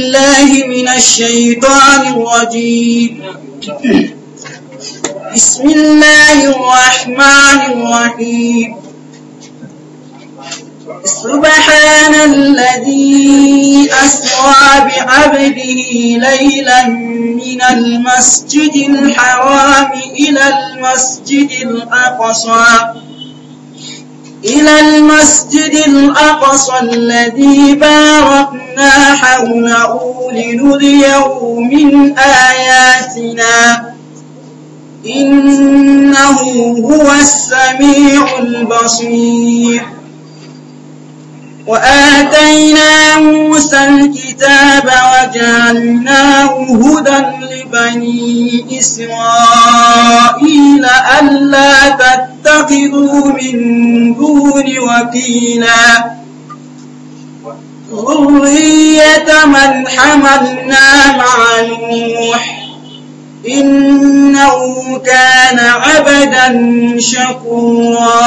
الله من الشيطان الرجيم بسم الله الرحمن الرحيم سبحان الذي أسرى بعبده ليلا من المسجد الحرام إلى المسجد الأقصى إلى المسجد الأقصى الذي باركنا حوله لنريه من آياتنا إنه هو السميع البصير وآتينا موسى الكتاب وجعلناه هدى لبني إسرائيل ألا تتخذوا من دون وكيلا ذرية من حملنا مع نوح إنه كان عبدا شكورا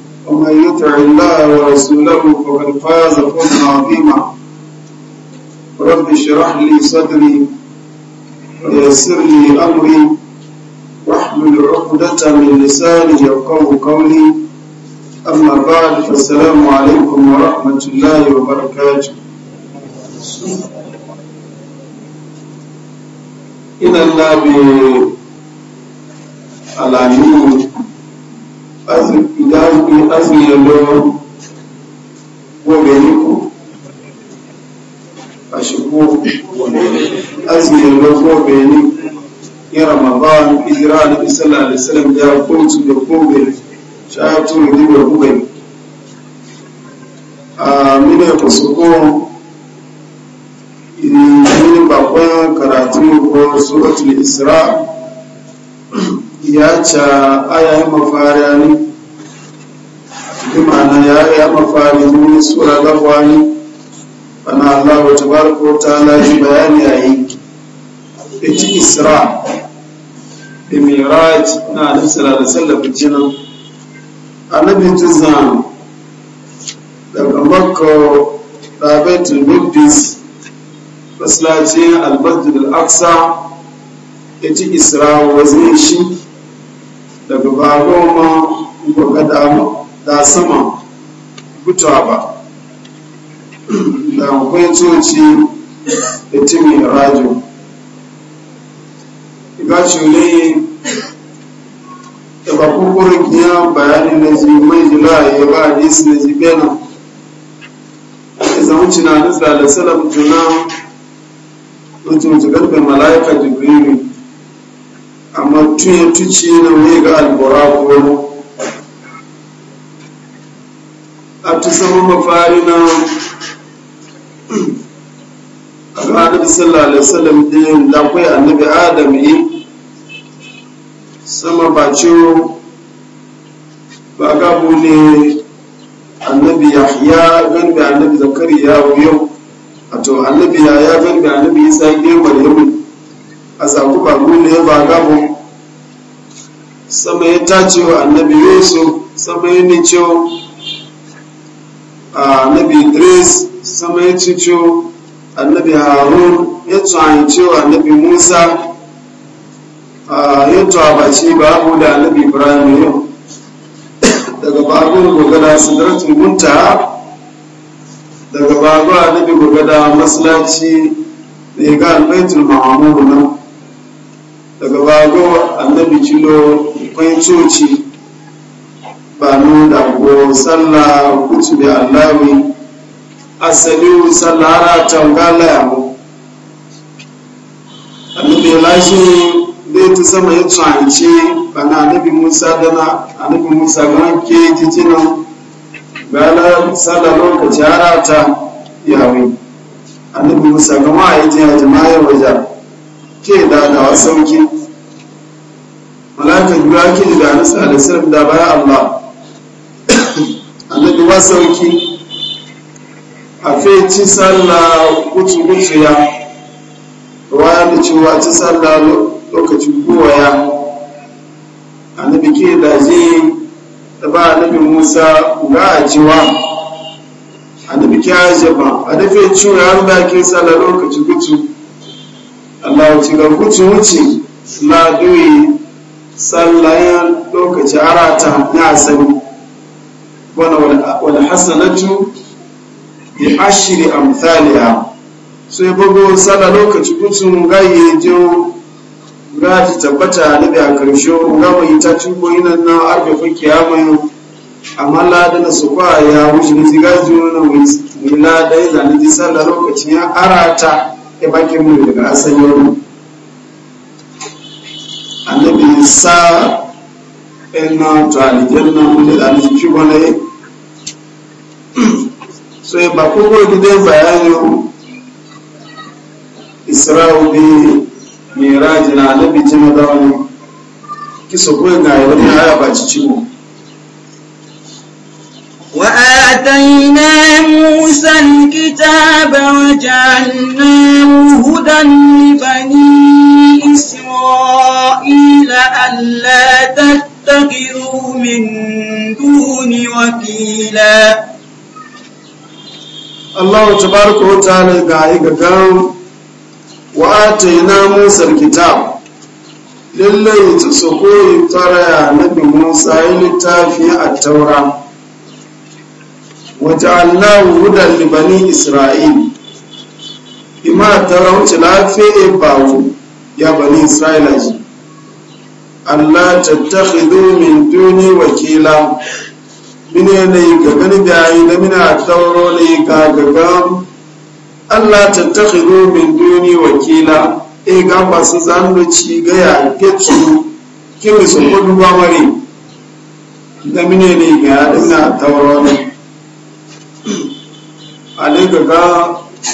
ومن يطع الله ورسوله فقد فاز فوزا عظيما رب اشرح لي صدري ويسر لي امري واحمل عقدة من لساني يفقه قولي اما بعد فالسلام عليكم ورحمة الله وبركاته إن الله بألامين azumi yalo gobeliko ashikuo azumi yalo gobeliko ya ramadan hijira da sallallahu alaihi wasallam da kuntu da gobe shatu da gobe a mina kusuko ni bakwa karatu ko suratul isra' ya ca ayayin mafari ne imana ya ya mafari ne sura gawa ne ana Allah wa tabaraka wa ta'ala shi bayani yayi ita isra da miraj na annabi sallallahu alaihi wasallam jinan annabi tuzan daga makka da baitul muqdis masallacin al-masjid al-aqsa ita isra wa zai shi daga ba ma ko ga da sama gutuwa ba da akwai tsoci da timi rajo ga shule da ba kukurin kiya bayanin na ji mai jila ya ba hadisi na ji bena ya zama cina da salam tuna mutum jigar da mala'ika jibrilu amma tuye tuci na wuyi ga albora mu. a ta samu mafari na a ga da sallallahu alaihi wasallam din da kai annabi adam yi sama ba ciwo ba gabu ne annabi yahya gan da annabi ya yau a to annabi ya gan da annabi isa ya maryamu a zaku da ya baga mu sama ya tace wa annabi yesu sama ya nice a annabi idris sama ya cice annabi harun ya tsanci wa annabi musa ya ba babu da annabi ibrahim yau daga babu gogada sidratul muntaha daga babu annabi gogada da ya ga albaitul mahamudu nan daga bago annabi cilo kwai coci ba nuna ko sallah kutu da allawi asali sallah ara tangala ya mu annabi lashi dai ta sama ya tsanci bana annabi musa dana annabi musa gana ke titina gala sallah lokaci ara ta yawi annabi musa gama a yi jiya jama'a wajen ke da dawa sauki malaka biya ke da sa da sirf da baya Allah annabi wa sauki a feci sallah kucu kucu ya waya da cewa ci sallah lokacin kowaya annabi ke da je da ba annabi musa ga ajiwa annabi ke ajiye ba a dafe ciwo ya ruda ke sallah lokacin kucu wuce ga kucin wuce na duyi sallayan lokaci arata na asali wani wani hasanatu bi ashiri amthaliya so ya bugu sallar lokaci kucin gaye jiyo ga ta tabbata na biya karshe ga mai ta tubo yinan na arbe fa kiyama amma ladan su kwa ya wuce ni zigaji wannan wani ladan da ni sallar lokaci ya arata ya baki mu daga asalin annabi sa ina e da wani so ya ba gidan bayani isra'u bi mirajin annabi jina da wani kisa ko ga wani haya ba ci موسى الكتاب وجعلناه هدى لبني إسرائيل ألا تتخذوا من دون وكيلا الله تبارك وتعالى قائق قام وآتينا موسى الكتاب للي تسقوه ترى نبي موسى التافي التوراة waja'alnahu hudan li bani isra'il ima tarawun ci lafiya bawo ya bani isra'ila ji Allah tattakhidhu min duni wakila mine ne ga gani da yi na ne ga gaga Allah tattakhidhu min duni wakila e ga masu zanu ketu kimi su kudu da mine ne ga dinga tauro ne alega ga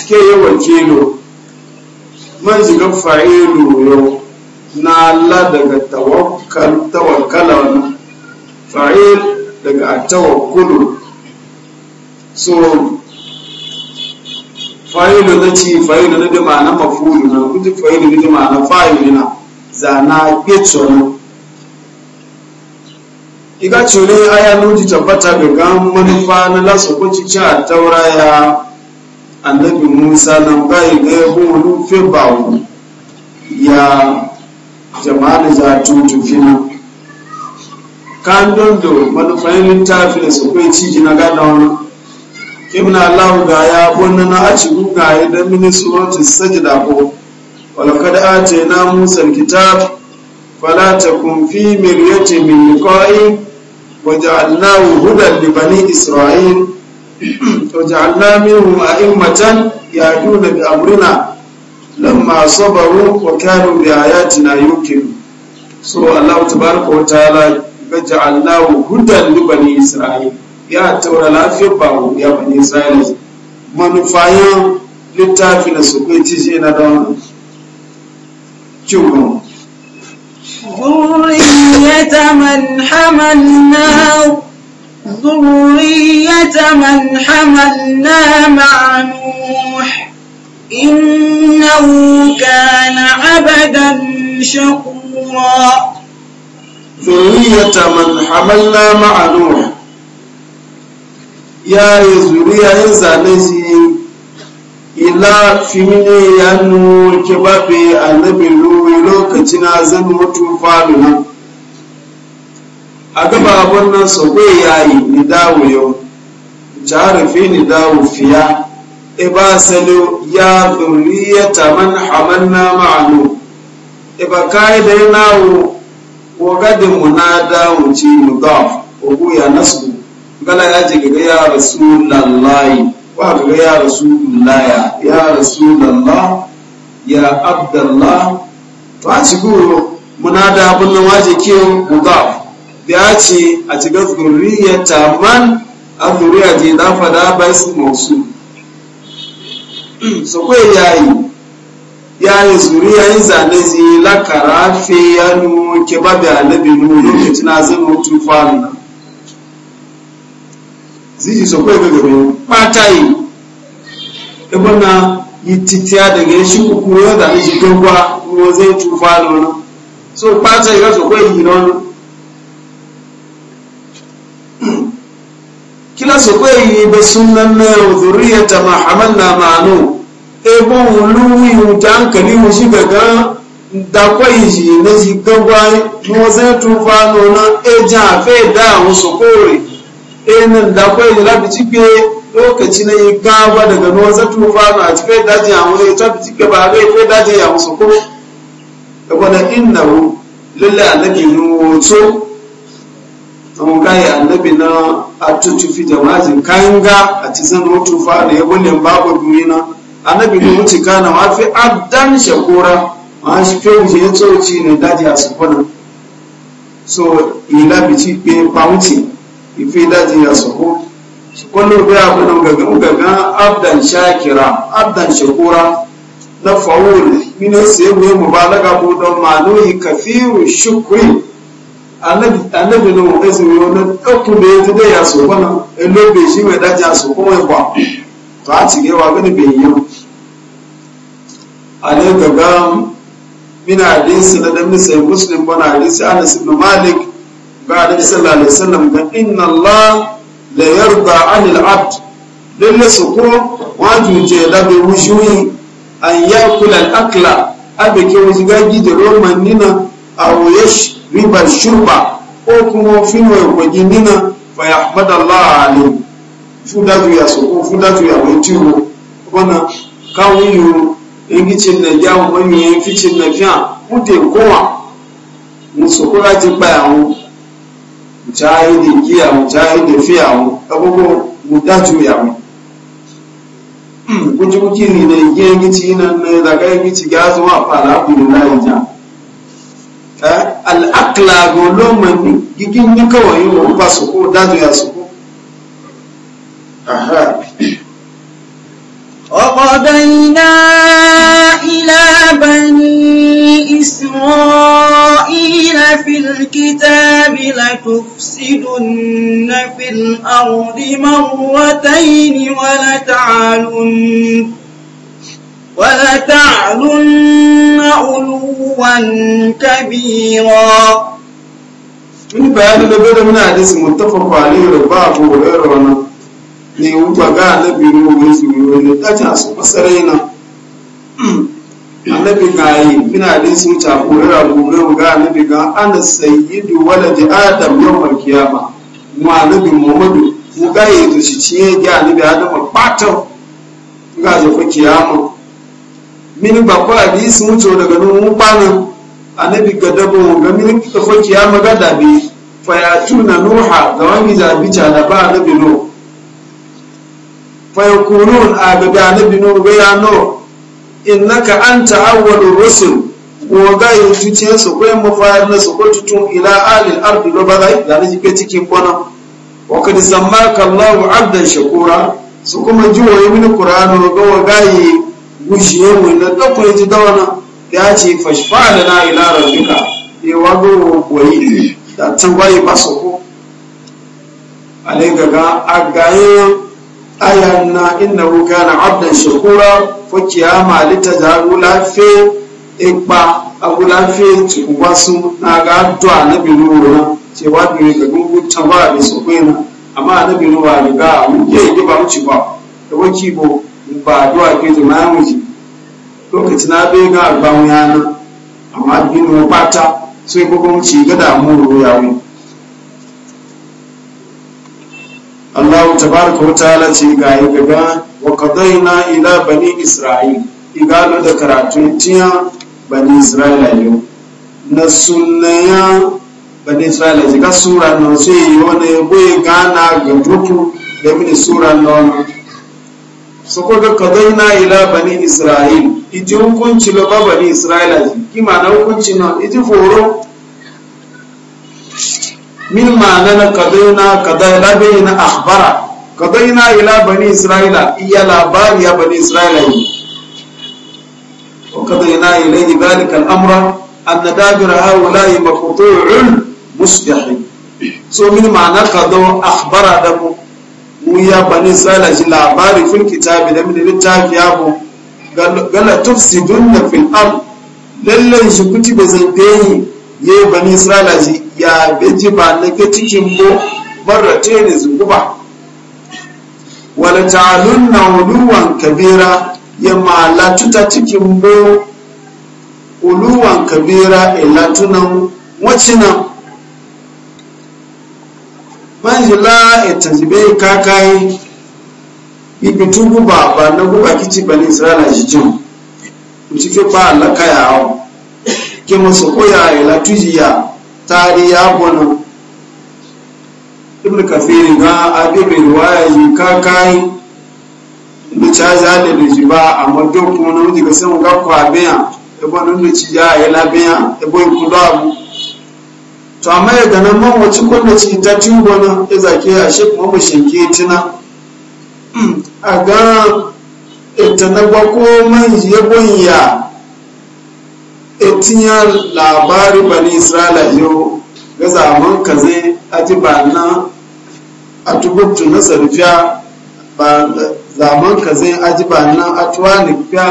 ke yawan wakilo man ziga fa'ilu yo na Allah daga tawakkal tawakkala fa'il daga tawakkulu so fa'ilu na ci fa'ilu na da ma'ana mafulu na kuji fa'ilu na da ma'ana fa'ilu na zana getsonu iga cire aya nuji tabbata ga gan manufa na lasu kuci ci taura ya annabi musa na gai ga ya kuma ba bawo ya jama'a da za tutu fina kan dondo manufayin ta da su kai ciji na gada wani na allah ga ya bunna na aci guga ya da mini suratu sajda ko walaqad atayna musa alkitab fala takun fi miryatin min liqa'i وجعلناه هدى لبني إسرائيل وجعلنا منهم أئمة يهدون بأمرنا لما صبروا وكانوا بآياتنا يوقنون so Allah tabaraka wa ta'ala ga ja'allahu hudan li bani isra'il ya taura lafiyar bawo ya bani isra'il manufayen littafin da su kai tije na da wannan cikin ذرية من حملنا ذرية من حملنا مع نوح إنه كان عبدا شكورا ذرية من حملنا مع نوح يا ذرية إنسان ila fimine ya nuke babe annabi ruwe lokacin na zan mutu faluna a gaba nan sauwe ya yi ni dawo yau jarafi ni dawo fiya iba e salo ya zuriyata man hamanna ma'anu Iba e kai da nawo na gadin munada mu mudaf ogu ya nasu gala ya jiga ya lallai. Ba ka ga yara su ya Abudalla. To a cikin ruwa, muna da wannan waje ke wuƙa. Biya ce a cikin zurfin rihiyar tarman, an zuriya ce, na faɗa bai su musu. Sokai ya yi zuri, ya yi zane zai lakara, fayyalu, kibabu, a labin mu. Duk da juna, mutu kwana. ziji so ko ga garo patai da bana yititiya daga shi ku ku yo da shi gogwa ko zai tufa no so patai ga so ko yi no kila so ko yi be sunnan na zuriyata ma hamalna ma'anu e bon luwi utan kali mu shi daga da kwai shi na shi gogwa mo zai tufa no na e ja fe da mu so ɗayanin da kwai da rafi cike lokaci na yi gawa daga nuwa zatu fara a cikin daji a wani ta fi cike ba ga kai daji ya musu ko da kwanan inna hu lalle annabi nuwoto an kayi annabi na atutu fi jama'atin kayan ga a cikin ba, da ya wani babu duniya annabi ne wuce kana ma fi addan shakura ma shi fi wuce ya tsoci ne daji a su kwanan so yi labici pe bauti. ifi daji ya soko su kullu biya kuna gagan gagan abdan shakira abdan shakura na fa'ul min sayyid mubalaga ko don yi kafiru shukri annabi annabi no ezuri ona dokku da yaji da ya so bana elobe shi mai daji ya so kuma ba to a cike wa gani bai yi ale gaga min hadisi na da min muslim bana hadisi anas ibn malik ga annabi sallallahu alaihi wasallam ga inna Allah la yarda anil abd lalle su ko waju je da be wushuyi an yakul al akla abe ke wuji gaji da roman nina aw yash riba shurba ko kuma finu ya kwaji nina fa yahmad Allah alaihi fudatu ya su ko fudatu ya wajiro wannan kawo yiwu ingicin na jawo mamiyan ficin na fiya mutu kowa musu kura ti pa mujahidi giya mujahidi fiyawo agogo mudaju yawo kuji ni ne giya ti na ne da daga ti ga zuwa fara abin da ya al'akla go lomani gigin ni kawai yi wa ba su ko daju ya su ko aha وقضينا إلى بني إسرائيل في الكتاب لتفسدن في الأرض مرتين ولتعلن ولتعلن علوا كبيرا in bayani da bada muna hadisi muttafa kwali da ba abu hurairu wani ne wuta ga alabi ruwa mai zuwa da ɗaja su masarai na annabi ina mina su sun takurira gobe ga annabi ga ana sayyidu walad adam yawmal kiyama mu annabi muhammadu mu yi to shi ciye ga annabi adam patan ga zo fa kiyama min ba ko hadisi mu ce daga nan mu bana annabi ga dabo ga min ka fa kiyama ga dabi fa ya tuna nuha ga wani bi ta da ba annabi no fa kurun a ga annabi no ga ya no innaka anta awwalur rusul woga yutuce su kwe mafayar na su ko tutun ila alil ardi lo bazai da na jike cikin kwana wa kad sammaka Allahu abdan shakura su kuma ji wa yi mini qur'anu ga waga yi gushiye mu na dako ji dawana ya ce fashfa na ila rabbika e wago koyi da tan wayi ba su ko alai gaga agayin aya na innahu kana abdan shakura fo kiyama litajaru lafe ipa abulafe tukugwa su na ga addu annabi nuhu na cewa bi ga gungun tamba da su kwena amma annabi nuhu ba ga mu ke yi ba mu ci ba da wanki bo ba addu'a ke jama'a mu ji lokacin na bai ga albamu yana amma abin mu bata so ko mu ci ga damu ya yawo tabaraka wa ta'ala ce ga yi gaga wa qadayna ila bani isra'il igalo da karatu tiya bani isra'ila yau na sunnaya bani isra'ila ji ga sura na sai yi wani bai gana ga duku da mini sura na wani so ko ga qadayna ila bani isra'il iji hukunci ba bani isra'ila ji kima na hukunci na iji foro min ma'ana na kadaina qadayna na akhbara qadayna ila bani isra'ila iya labari ya bani isra'ila yi wa qadayna ilayhi dhalika al-amra an dabira haula'i maqtu'un musbihin so min ma'ana qadaw akhbara da mu mu ya bani isra'ila ji labari fil kitabi da min littafi ya mu gala tufsidunna fil ard lallan shi kuti da zambeyi ye bani isra'ila ji ya beji ba na ke cikin mu marrate ne zuguba wala ta'alun na uluwan kabira ya ma latuta cikin bo uluwan kabira ilatunan wacinan manjila etajibe kakai ibitu guba ba na guba kici bani israila jijin cike ba alaka yawo ke masu koya ilatujiya tari ya gwanon ibn kafiri ga abebe riwaya yi ka kai da caja da da shi ba amma don kuma na wuce ga san ga kwa biya ebo nan da ci ya yi labiya ebo yi kudu abu to amma ya gana nan man wacce kwanda ci ta tingo na ya zake ya shi kuma mu shinke tuna a ga ita na gwako man ya gonya etinya labari bani israila yau gaza mun ka zai aji ba na a tubutu na sarfiya ba zaman ka zai aji ba na a tuwa na fiya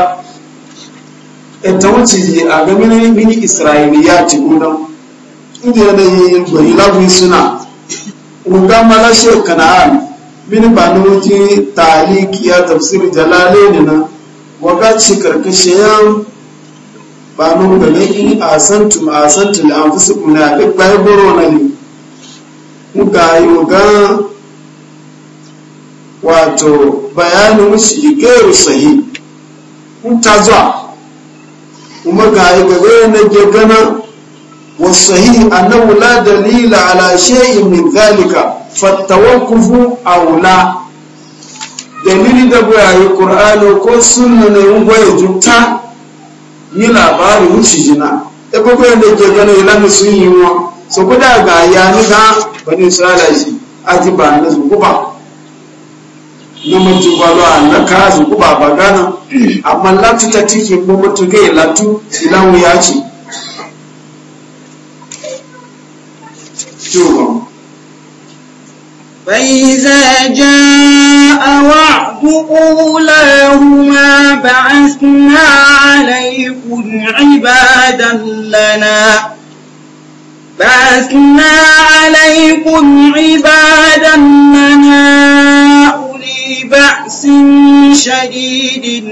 ita e wuce yi a ga mini mini isra'iliya ci gudan inda yana yi bari lafi suna ruga mala shekana'an mini ba na wuki talikiya tafsir jalale ne na wakaci karkashin ba mun ga in asantum asantum anfusukum a duk bayan goro na ne muka yi ga wato bayani bayanin mushrikairu sahi in ta zuwa kuma ga yi gaba na gegana wasahi annahu la dalila ala shay'in min zalika a wula. dalili da bayayi Kur'ani ko sunna ne mun goye juta. yi labari wuce jina e ko yadda da ke gano ila sun yi wa so kuda ga yanu ta wani bani sala shi aji ba na su kuba na mutu ba lo na ka su kuba ba gana amma latu ta tiki ko mutu ga latu silawu ya ce to فإذا جاء وعد أولاهما بعثنا عليكم عبادا لنا بعثنا عليكم عبادا لنا أولي بأس شديد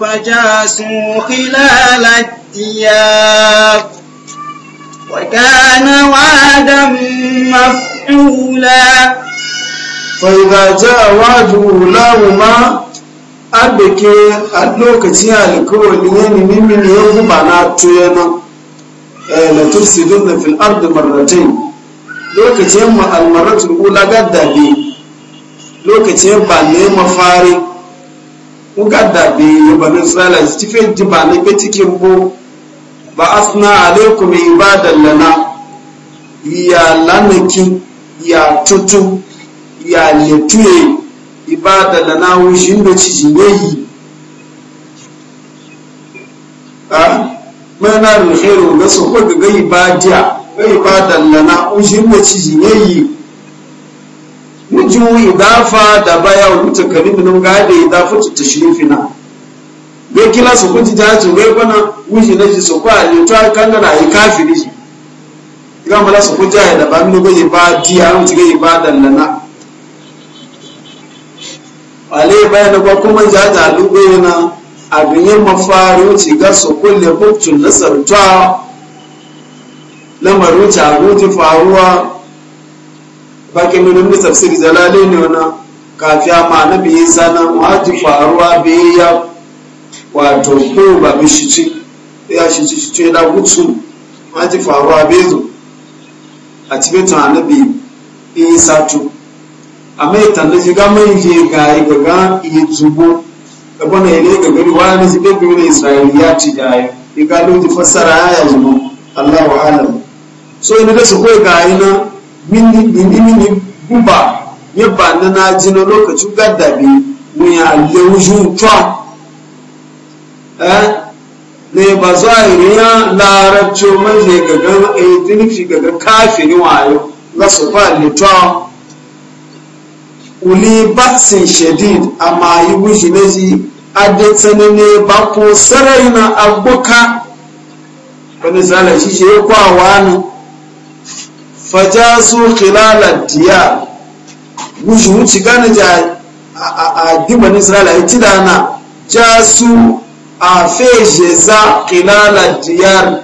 فجاسوا خلال الديار وكان وعدا مفعولا فإذا جاء وعد أولاهما abeke a lokacin alkawali ya nemi ya guba na tuya na la don na filar da marratain lokacin mu almaratul ula gaddabi lokacin ba ne mafari ku gaddabi ya bani israila su tafi ji ba ne cikin bu ba asna alaikum ibadan lana ya lanaki ya tutu ya letuye ibada da na wushin da ci yi a mana da khairu ga su ko ga ibadiya ga ibada da na wushin da ci yi wujuhu idafa da baya wuce kalimin nan ga da idafa ta tashrifina bai kila su kuti ta ce bai kwana wuce na shi su kwa ne a kangana a yi kafin shi idan mala su kuti da ba mini bai ba diya an ci ba dallana Ale bayana ba kuma za ta lube na abin yin mafari wuce ga su kulle buktun na sartuwa lamarin wuce faruwa bakin nunin da tafsiri zalale ne wani kafiya ma na biyi sana waji faruwa biyi ya wato ko ba bi shi ci ya shi ci ce da gutsu waji faruwa biyu a cikin tunanin biyi isa tu amma ita na ga mai je ga yi ga iya zubo da bana ile ga gari wa na shiga biyu na ya ci da yi ya ga lodi fassara ya zubo allah wa alam so e ina da su kawai ga yi na mini mini mini guba ya ba na na ji na lokacin gaddabi mun ya tuwa. Eh ne ba za a yi ya larabci mai je gaga a yi tunifi gaga kafin wayo na su ba litwa Kuli batsin shadid amma yi wuji na ji adi tsanani ba ko sarai na abuka wani zala shi shi ya kwawa ni fajasu khilalar diya wuji wuci gane ja a dimani isra'ila ya ci dana jasu a feje za khilalar diyar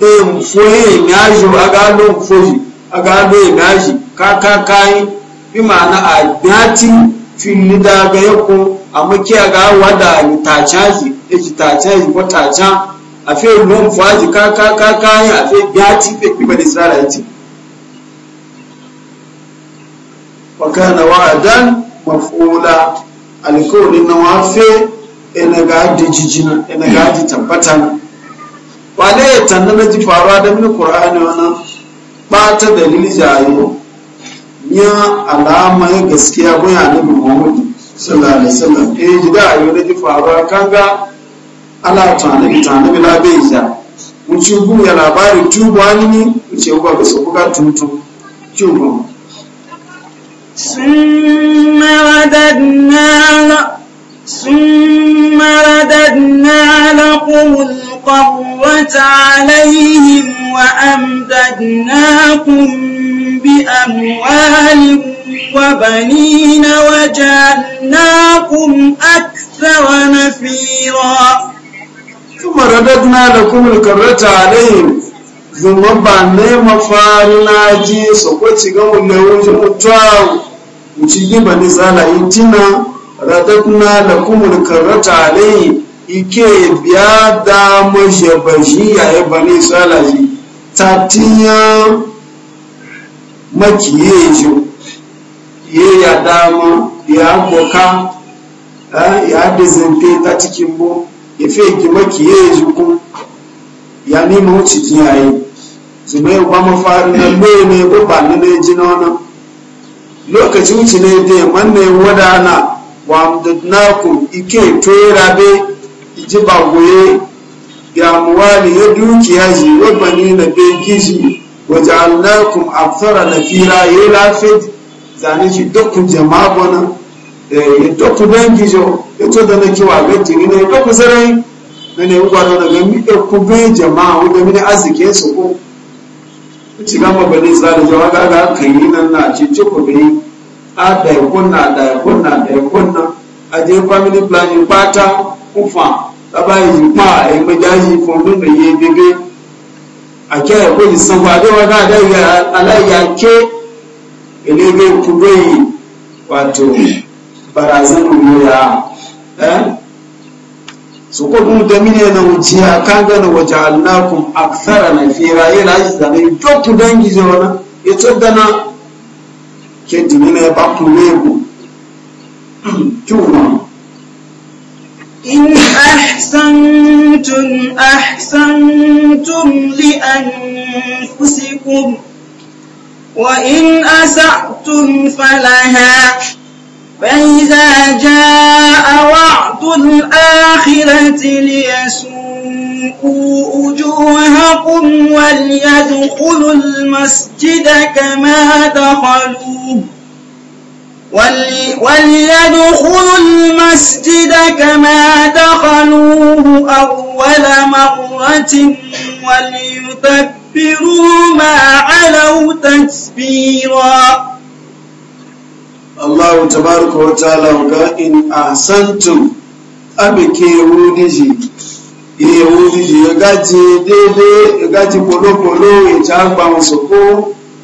ɗin e foye mi ajo a gano foye a gano ka aji kakakayi bi ma'ana a datin fili da ga yako a makiya ga wada ni tacha ji e ji tacha ko tacha a fe non faji ka ka ka ka ya a fe dati fe ki bani sara yati wa kana wa'dan maf'ula alkawlin na wa fe ina e ga ji jijina ina e ga ji tabbata wale tanna na ji faruwa da min qur'ani wannan ba ta dalili jayo ya alamar gaskiya ko ya nufin Muhammadu sallallahu alaihi wasallam eh gida da ayo da jifa ba kan ga ala tana bi tana bi la bai ja mu ci bu ya labarin tu bu ani ni mu ci ba ga su ga tutu ci bu summa radadna la summa radadna la qul qawwat alaihim wa amdadnakum بأموال وبنين وجعلناكم أكثر نفيرا ثم رددنا لكم الكرة عليهم ثم بعدين مفعلنا جي سوكوتي غو نوجه متاو وشيجي بني زالا رددنا لكم الكرة عليهم ike biya da mashi bashi yayin bani sala ji tatiyan yeju ye ya dama ya boka ya dezente ta cikin bo ya maki yeju ku ya nima wuce kiyaye su mai ba mafari na mai ne ko ba ni ne ji na nona lokaci wuce ne da man ne wadana wa ku ike toyera rabe iji ba goye ya muwali ya dukiya ji wa bani na be gizi waja'alnakum akthara nafira yela fit zane shi dukkan jama'a bona ya dukkan dangi jo ito da nake wa gaji ne ya dukkan sarai na ne uwa da daga mi ku bai jama'a wanda mi arziki su ko ci gama bane tsari jawa ga ga kai nan na ci ci ku bai a da kunna da kunna da kunna a je family planning pata kufa ta yi pa e majaji fondun da yebe ake ẹ̀kọ́ ìsanwó adéwọ́dá aláìyàké elébé kúgbé yìí wàtò barazanu lóya ẹ́ sokokun damine na wujiya kan gana waje alnakun aksara na fira yi duk zane joku dangi zaune ya tsaddana ke dimina ya bakun lego kyuma إن أحسنتم أحسنتم لأنفسكم وإن أسأتم فلها فإذا جاء وعد الآخرة ليسوءوا وجوهكم وليدخلوا المسجد كما دخلوه وليدخلوا المسجد كما دخلوه أول مرة وليتبروا ما علوا تتبيرا الله تبارك وتعالى قال إن أحسنتم أبك ودجي ìyẹ̀wò ìyẹ̀gájì ديدي ìgájì polópoló ìjà àgbà wọn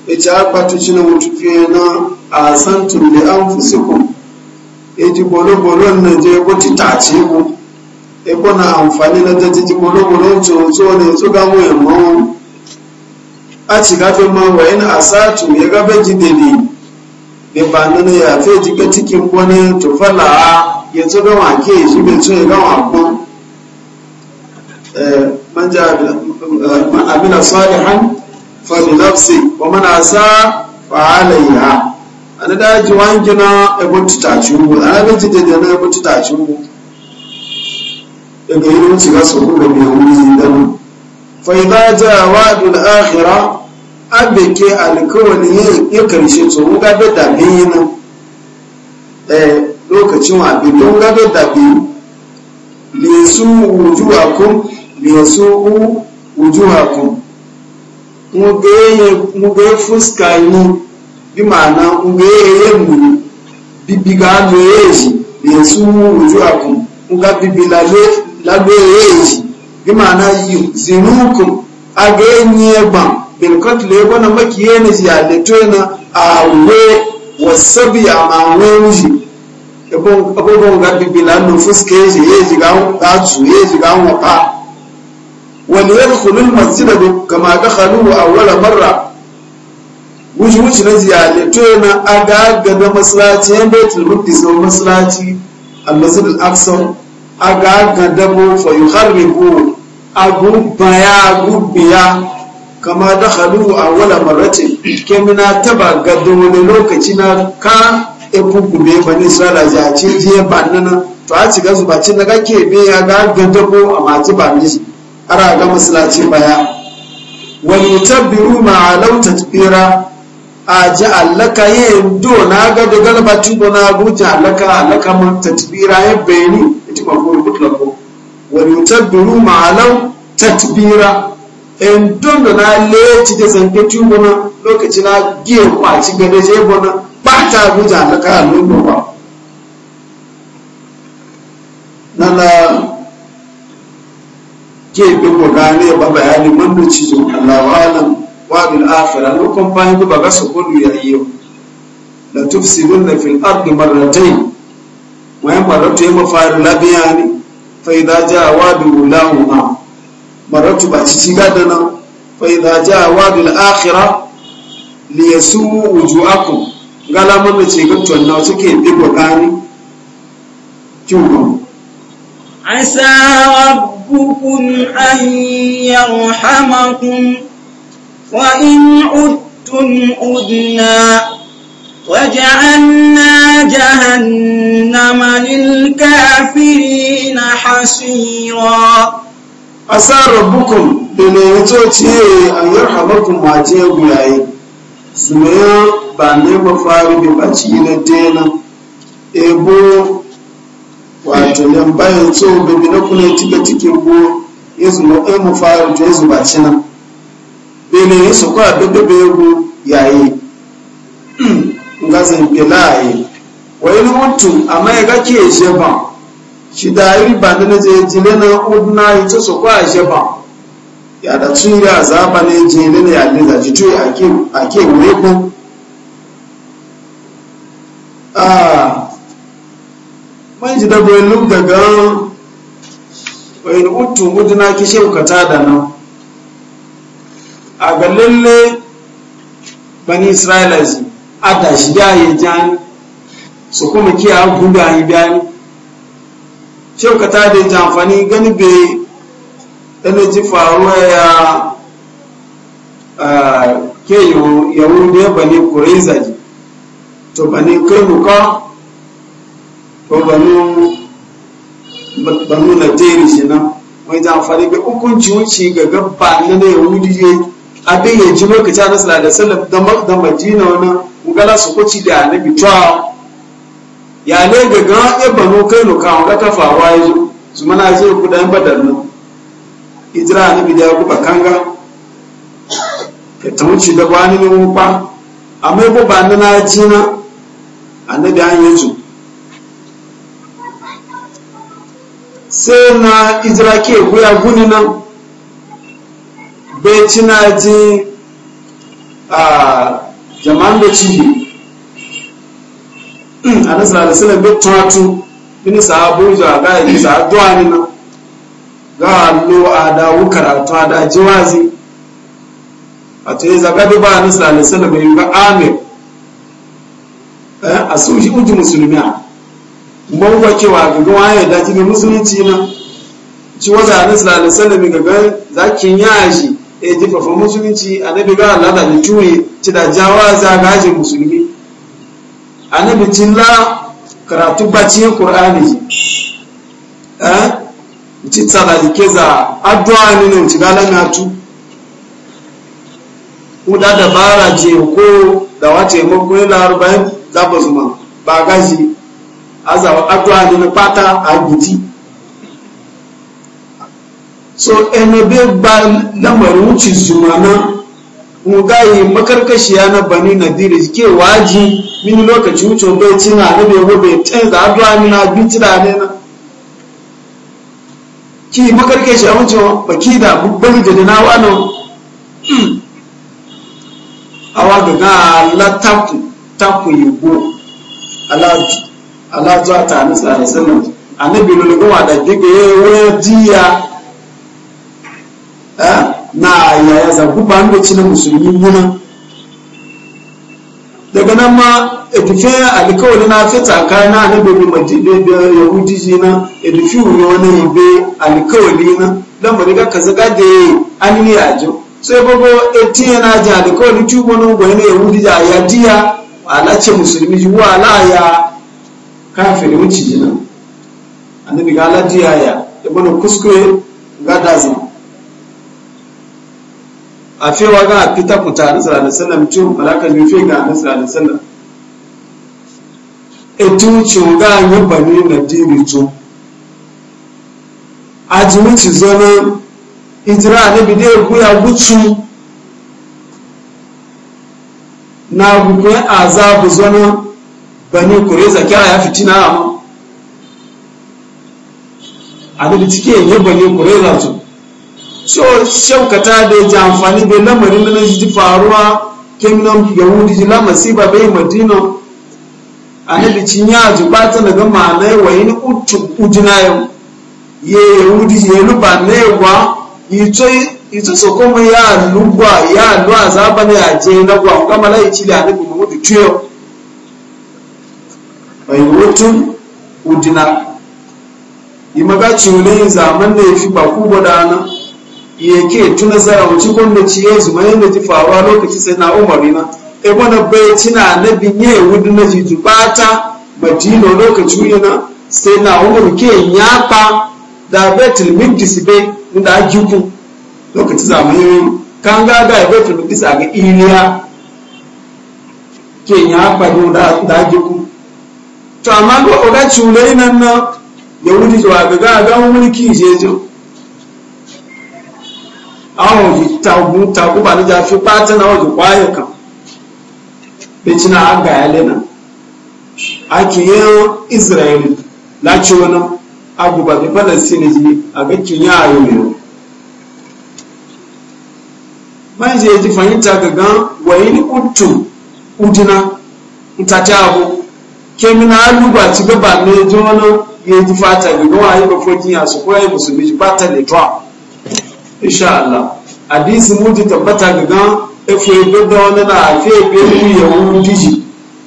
ita akpatu cina mutufiya na a santun da an eji bolo-bolon na je gwati tace ku na amfani na ta jiji bolo-bolon tsotso ne su gamu ya mawa a ci gafe ma wa yin asatu ya gabe jidele da ba nuna ya fe jika cikin wani tufala ya tso gama ke shi bai so ya gama kun man ja abin salihan fali nafsi wa mana sa fa alaiha ana da ji wangina ebon titachu ana da ji da na ebon titachu daga yi wuce ga su kuma mai wuri dan fa idza jaa wa'dul akhirah abeke alkawali ya karshe to mun ga da dabe yana eh lokacin wa bi don ga da dabe lisu wujuhakum lisu wujuhakum mugaye fuska yi bi ma'ana mugaye yin muni bibiga lo eji da su ruju akun muga bibi lalo eji bi ma'ana zinukun aga enyi egban bilkot lebo na makiye na ji aleto na awe wasabi ya ma'anwe wuji abubuwan ga bibi lalo fuska eji eji ga tsu eji ga nwapa wanda ya rukunu masjida kama da halu a wala marra wuce wuce na ziyare to na aga ga masallaci yan baitul muqdis wa masallaci al-masjid al-aqsa aga ga da bo fa ko Abu baya agu biya kama da halu a wala marratin na taba ga dole lokaci na ka ebu gube bani isra'ila ji a ci jiya ba nana to a ci gasu ba ci daga kebe ya ga ga bo a ci ba nishi ara ga masalaci baya wa yutabbiru ma alaw tatbira a ji allaka yin do na ga da galba tubo na guja allaka allaka mun tatbira ya bayani ita ba ko mutlako wa yutabbiru ma alaw tatbira in don da na leci da zanke tubo na lokaci na giye kwaci ga da je bona ba ta guja allaka allaka ba na ah, ke bi ko gane ba bayani mun da ci jin Allah wa alam wa bil akhirah kun fa hindu ba gasu ko ya iyo la tufsiduna fil ard marratayn wa yan marratu yamma faru bayani fa idza jaa wadu ma marratu ba ci da nan fa idha jaa wadu al akhirah li yasu wujuhakum gala mun da ci gatton na suke bi ko gane kiwo عسى ربكم أن يرحمكم وإن عدتم عدنا وجعلنا جهنم للكافرين حصيرا عسى ربكم بنيتوتي أن يرحمكم واتيه بيعين سمعوا بأن يبقى فارغ بأتيين الدين ebo wato yan bayan bebe na kula cike cike go yesu mo e mo fa jo yesu bele kwa bebe yayi ngazin pelai wa in mutum amma ya gake sheba shi ba da na na udna yi ta kwa sheba ya da ne ya ah ji da bai lu daga bayan utu mudina ki shaukata da nan a ga lalle bani isra'ila ji a da shi da ya jani su kuma kiya guda yi bayani shaukata da ya amfani gani bai ɗana ji faruwa ya ke yawon da ya bane kurai zaji to bane kai muka ko banu banu na teni shi nan wani ta amfani ga hukunci wuce ga gaba na da yahudi ya abin ya ji lokaci na sallallahu alaihi wasallam da madina wani ugala su kuci da annabi tuwa ya ne ga ga ya banu kai no kan ga kafawa ya zo su mana zai ku dan badar nan hijira annabi da ya ku bakanga ka wuce da bani ne mu fa amma ko ba na na ji na annabi an yi sai na idrake goya guni nan bai cina ji a jaman da ci a nasarar sinar bai tunatu ini sahabu ja ga yi sa addu'a ne nan ga allo a dawo karatu a da jiwazi a to yi zaga ba a nasarar sinar bai yi ga amir a su shi uji musulmi a mawuwa cewa gaga waye da ne musulunci na ci wata hadis da alisalami gaga zakin yaji e jifafa musulunci a annabi ga Allah da ni ci da jawaza gaji musulmi A cin la karatu bacin ji A? ci ke za addu'a ne ci na tu kuda da bara je ko da wace yi la 40 zaba zuma ba gaji azawa addu'a ne na fata a guti so ene be ba lamarin wuce zumana mu gayi makarkashiya na bani nadiri ke waji mini lokaci wuce bai cina na bai gobe canza adu'a ni na bi tira ne na ki makarkashiya wuce baki da babban da na wano awa ga ga la tapu tapu yugo alaji alájọ àtàní sàrẹsẹlẹ àníbi lónìí wà dàbí kéye wọn díya na yaya zaguba an na musulmi muna daga nan ma edufe alikawali na fi tsaka na na bebe majide da yahudi ji na edufe wuyo wani ibe na don bari ga kaza ga da yi an yi ajo sai gbogbo etiye na ji tubo na ugbo yana yahudi ji a ya ala ce musulmi ji wa ala ya kafiri wuce jina annabi ga alati yaya da bana kuskure ga dazu a fewa ga fita kuta na sallallahu alaihi wasallam tun malaka ne fe ga na sallallahu alaihi wasallam e ga chunga bani na diri wuce zama zonon ijira anabi dai kuya gucu na gugu azabu zama bani kureza kya ya fitina abin da cike yin bani kureza to so shaukata da ji amfani bai lamarin da na ji faruwa kingdom yahudi ji lamasi ba bai madina annabi cin ya ji bata daga malai wa ni utu ujina yau ye yahudi ji luba ne wa yi ito so kuma ya lugwa ya lugwa zaba ne a je na gwa kuma malai ci da nabi mu tuyo bayrutun udina imagaci ne zaman da ya fi ba ku gudana ya ke tuna zara wuce gwamna ci ya zuma yadda ji faruwa lokaci sai na umari e na e wani bai cina na binye wudu na jiju bata madina lokaci yana sai na umar ke yafa da betul mintis bai inda a gibu lokaci zaman yau kan gaga ya betul mintis a ga iliya ke yafa da gibu to amma ga oga culai nan na ya wuce cewa ga ga ga mulki je jo ta ba ni ja fi pata na wajen kwayo kan beci na aga ya lena ake yi israel na ci wani abu palestine ji a ga kinya a yau yau man je ji fahimta ga gan wayin utu ntata abu kemin aluba ci gaba ne jono ya ji fata gudu a yi mafokin ya su kwaye musulmi ji fata ne tuwa insha Allah hadisi muji tabbata gaga efu ebe da wani na afi e ebe mu ya wuru diji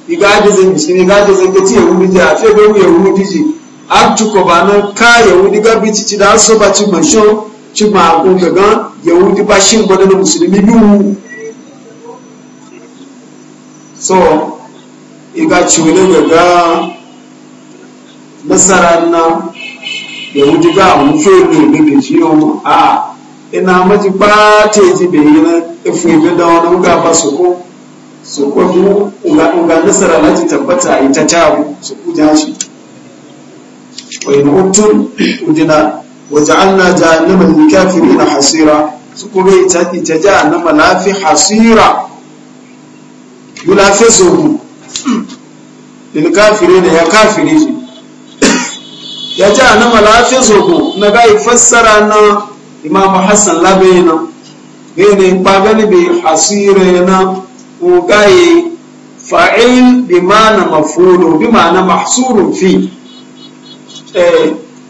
iga adizin bishi ne gaji zan gaci ya wuru diji e afi ebe mu ya wuru diji ba nan ka ya wuri ga bici ci da so ba ci masho ci ma ko musulmi biyu so iga wani gaga nasara na da wuce ga wani fere da ke ciyo yau a ina maji bata ji da yi na ife ga da wani muka ba su ko su ko mu ga nasara na ji tabbata a ta tabu su ku ja shi wa wata an na ja na jahannama lil na hasira su ko bai ta ja na malafi hasira yulafi su lil kafiri ne ya kafiri shi ya ce a nan malafin soko na ga fassara na imamu hassan labe na gane bagani bai hasire na ko gaye fa'il bi ma'ana mafulu bi ma'ana mahsurun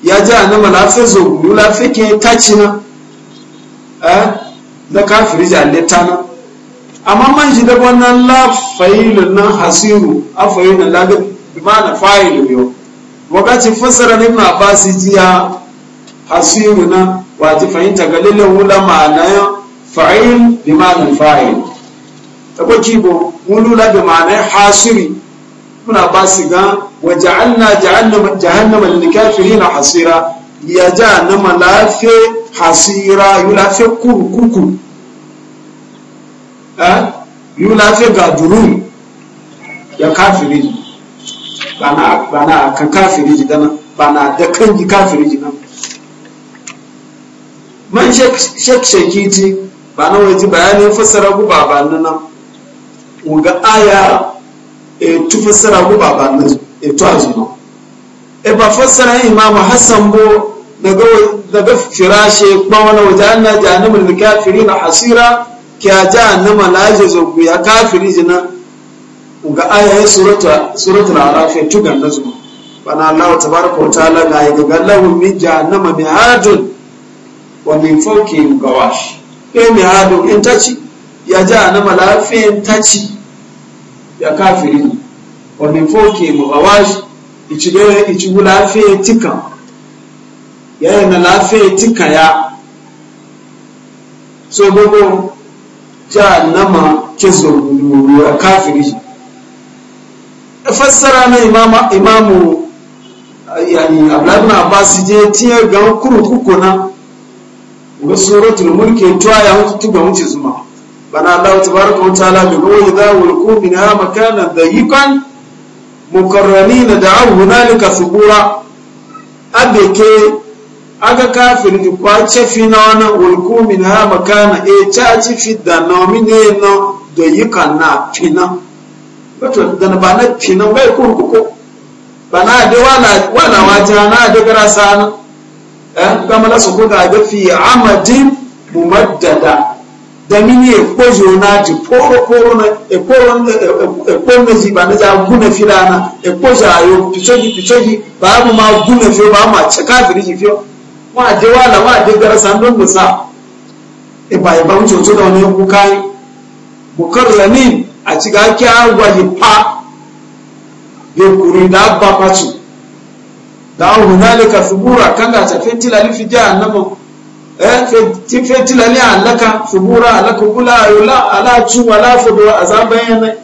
ya ji a nan malafin soko malafin ke tacina na kafiri jalle ta nan amma man shi da wannan la failun nan hasiru a failun la da mana failun yau wakati fassara ne ma ba su jiya hasiru na wati fahimta ga lilin wula ma'anayin fa'il bi na fa'il ta kwaki bo mun da bi ma'anayin hasiri muna ba su ga wa ja'alna jahannama lil na hasira ya jahannama lafe hasira fi kurkuku yula fi ga durun ya kafiri ji ba na kan kafiri ji dana ba na da kan gi kafiri ji nan man shekki ji ba na waje bayanin fassara guba ba nan ga aya e tu fassara guba ba nan e to azuma e ba fassara imam hassan bo daga firashe kuma wani waje an na kafiri na hasira kya na malaje zogu ya kafiri jina ga ayayin surata suratul araf ya tugan nazmu bana Allah tabaraka wa ta'ala ga ya ga lahu min jahannama mihadun wa min fawki gawash ke mihadun in tachi ya jahannama in taci ya kafiri wa min fawki gawash ichibe ichibu lafiyan tika ya na lafiyan tika ya so gogo jahannama kizo ruwa kafiri fassara na imama imamu yani abdullahi ibn abbas je tiya ga kurutu kona ga suratul mulki to ya mutu tuba mutu zuma bana allah tabaraka wa taala bi ruhi da wulqu minha aga kafin ki kwace fi na wani ulku min ha makana e ci fi da na ne na da yi ka na fina wato da na ba na fina bai kurkuku ba na da wala wala na da gara sana eh kama la su kuka ga fi amadin mumaddada da mini e kozo na ji poro poro na e poro na e poro na ji ba na ja guna filana e kozo ayo pitoji pitoji ba mu ma guna fi ba ma cika firi ji yo. wọn àjẹ wà làwọn àjẹ gbẹrẹ sàndóńgbò sá ìbà ń ṣòtó náà ní ọkú káyín bùkọ́rù lẹ́ní àti káàkiri àgbà yìí yòkùnrin dàá pàtó dàá náà lè kàfi búra kánga àtàfẹ́ tí lálẹ́ fi jẹ́ ànámọ́ ẹ tí fẹ́ àlákà fi búra àlákòkúlá àyọ̀lá aláàtúwọ̀ aláfọ̀dọ̀ àzábẹ́yẹnẹ́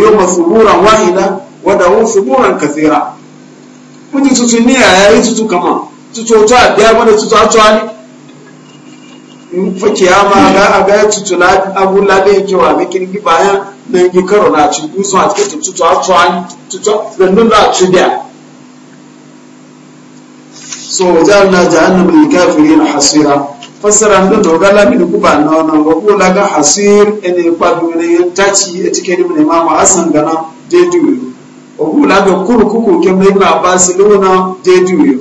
yóò mọ̀ fi búra wáyìí náà wọ́n dàá fi búra kàfíra. kuti tutu ni ayayi tutu kama tutu otu abiya mana tutu atu ali fa kiyama ga aga tutu abu lade yake wa bikin ki baya na yi karo na ci gusu a cikin tutu atu ali tutu da nun da ci na so ja'alna jahannama lil na hasira fasara ndo dogala min kuba nono wa kula laga hasir ene kwadu ne tachi etikeni mun mama hasan gana jeju ogula ga kurkuku ke mai ba barcelona jeju yo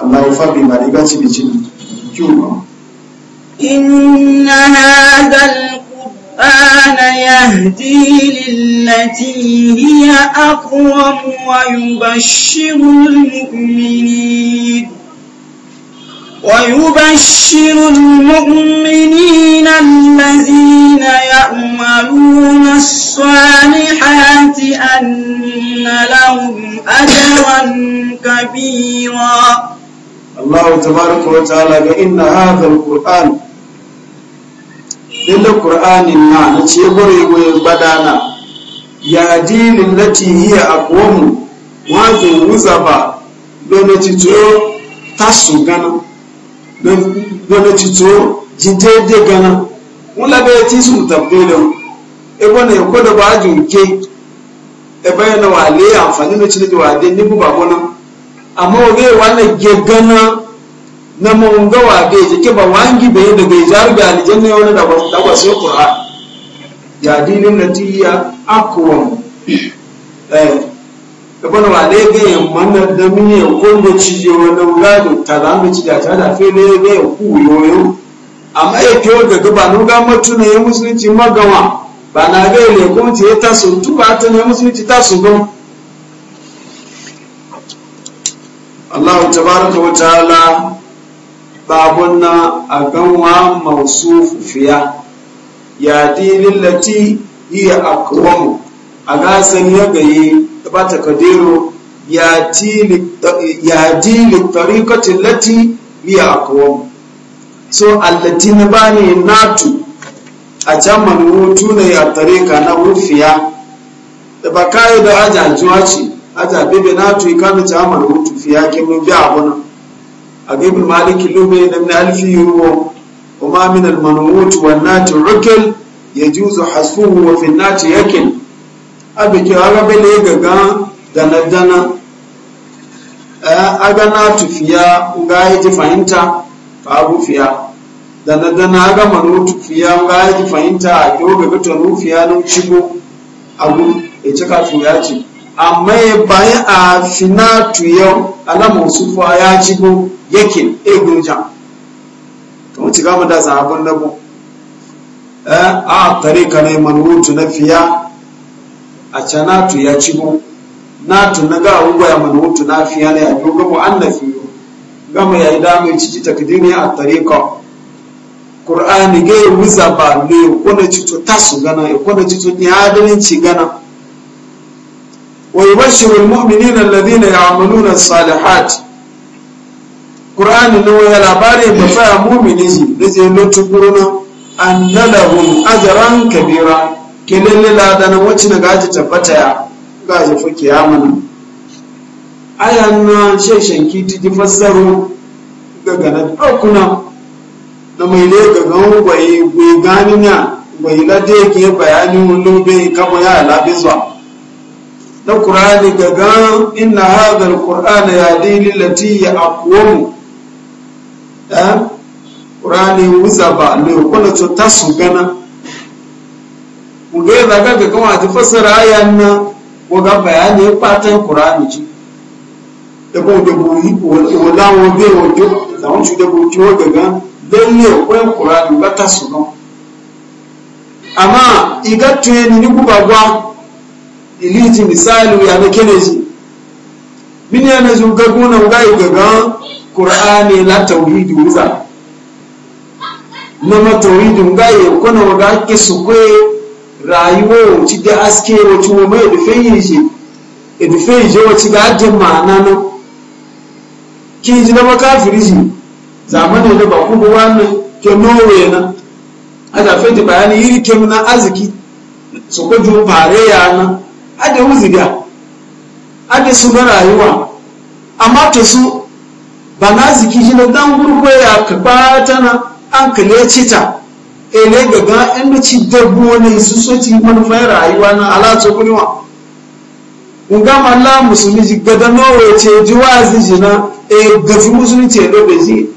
allah ya fabi ma diga ci bicin kuma inna hadal القرآن يهدي للتي هي أقوم ويبشر المؤمنين ويبشر المؤمنين الذين يعملون الصالحات أن لهم أجرا كبيرا الله تبارك وتعالى إن هذا القرآن إن القرآن النعنى تيبري ويبدانا دين التي هي أقوم وانتو وزبا لنتي تسو غنم gwamnati to jidede gana wula bai ti su tabbilin ebe e e na ekwe da ba nke ebe yana wale amfani na cire da wade ni bu babu nan amma wage wani gegana na mun ga wade jike ba wangi bai daga ijar ga aljanna yau na dagwa sai qur'an ya dinin natiya akwam eh gaban wale ga yin manar da miyan kwanda ciye wani gado ta za mu ci da ta da fe ne ga yin kuyoyo amma ya kyau ga gaba nuga matuna ya musulunci magawa ba na ga ile kuma ce ta su tuba ta ne musulunci ta su gan Allah tabaraka wa ta'ala babun na a ganwa mausufu fiya ya dilillati hiya akwamu a gasan ya gaye ba ta kadero ya ji littarikacin lati biya a kowon so allati na ba ne natu a can manuhutu na ya tarika na wufiya da ba kayo da ajajuwa ce ajabebe natu yi kanu can manuhutu fiya kimi biya a wani a gibin maliki lume na mai alfi yiwuwa kuma minar manuhutu wannan rukil ya juzo hasuhu wa finnati yakin abike aga bele gaga dana dana eh, aga na tufiya ga yi ji fahimta fa fiya dana dana aga manu tufiya ga yi ji fahimta a kyau ga gato rufiya nun cibo abu ya cika tuya ci amma ya bayan a fina tuyau alamar sufa ya cibo yake egun jam kamar ci gama da sabon dabo eh, a tarika ne manurutu na fiya a natu ya cigo natu na ga abubuwa ya mana wutu na fiya ne a yau mu an na fiyo gama ya yi damar ciki takdiri a tarika ƙur'ani ga yi wiza ba ne ya kone cito tasu gana ya kone cito adalin ci gana Wai yi bashi wal mu'mini na ladina ya amalu na salihati ƙur'ani na waya labari ba fa ya mu'mini ne zai lotu guruna annalahum ajaran kabira ke la da na wacce na gaji tabbata ya gaji fa kiyamun ayan na shanki kiti ji fassaro daga na ɗaukuna na mai ne daga bai gwe ganin ya gwaye lade ke bayanin wani bai kama ya labe zuwa na ƙurani daga inna hadar ƙur'ana ya dili lilati ya akwamu ƙurani eh? wuza ba ne kwanan ta su gana ga yi zaga ga kama ta fasara ayan nan ko ga bayani ya fatan kurani ci da ba da boyi wala wa be wa jo da wani shi da boki wa gaga don ne kwayan kurani ba ta su nan amma iga tuye ni ku ba gwa iliji misali ya na kene ji min ya na zuga gona ga yi gaga kurani la tauhidi wuza na matauhidin ga yi kwana ga ake su kwaye rayuwa wuce da aske wacce wa mai dufin yi shi dufin yi shi wacce ga ajin ma'ana nan ki ji na makafiri shi zamanin da ba kuma wannan ke norway nan a tafi da bayani yi rikin na arziki su kudu fare ya nan ada wuziga ada su na rayuwa amma ta su ba na ziki shi na dan gurgwaya ka ba ta nan an kale cita ele gaga inda ci dabbo ne su so ci manufai rayuwa na alato kunewa nga mala musulmi ji gada nowe ce ji wa ji na e gafi musulmi ce be ji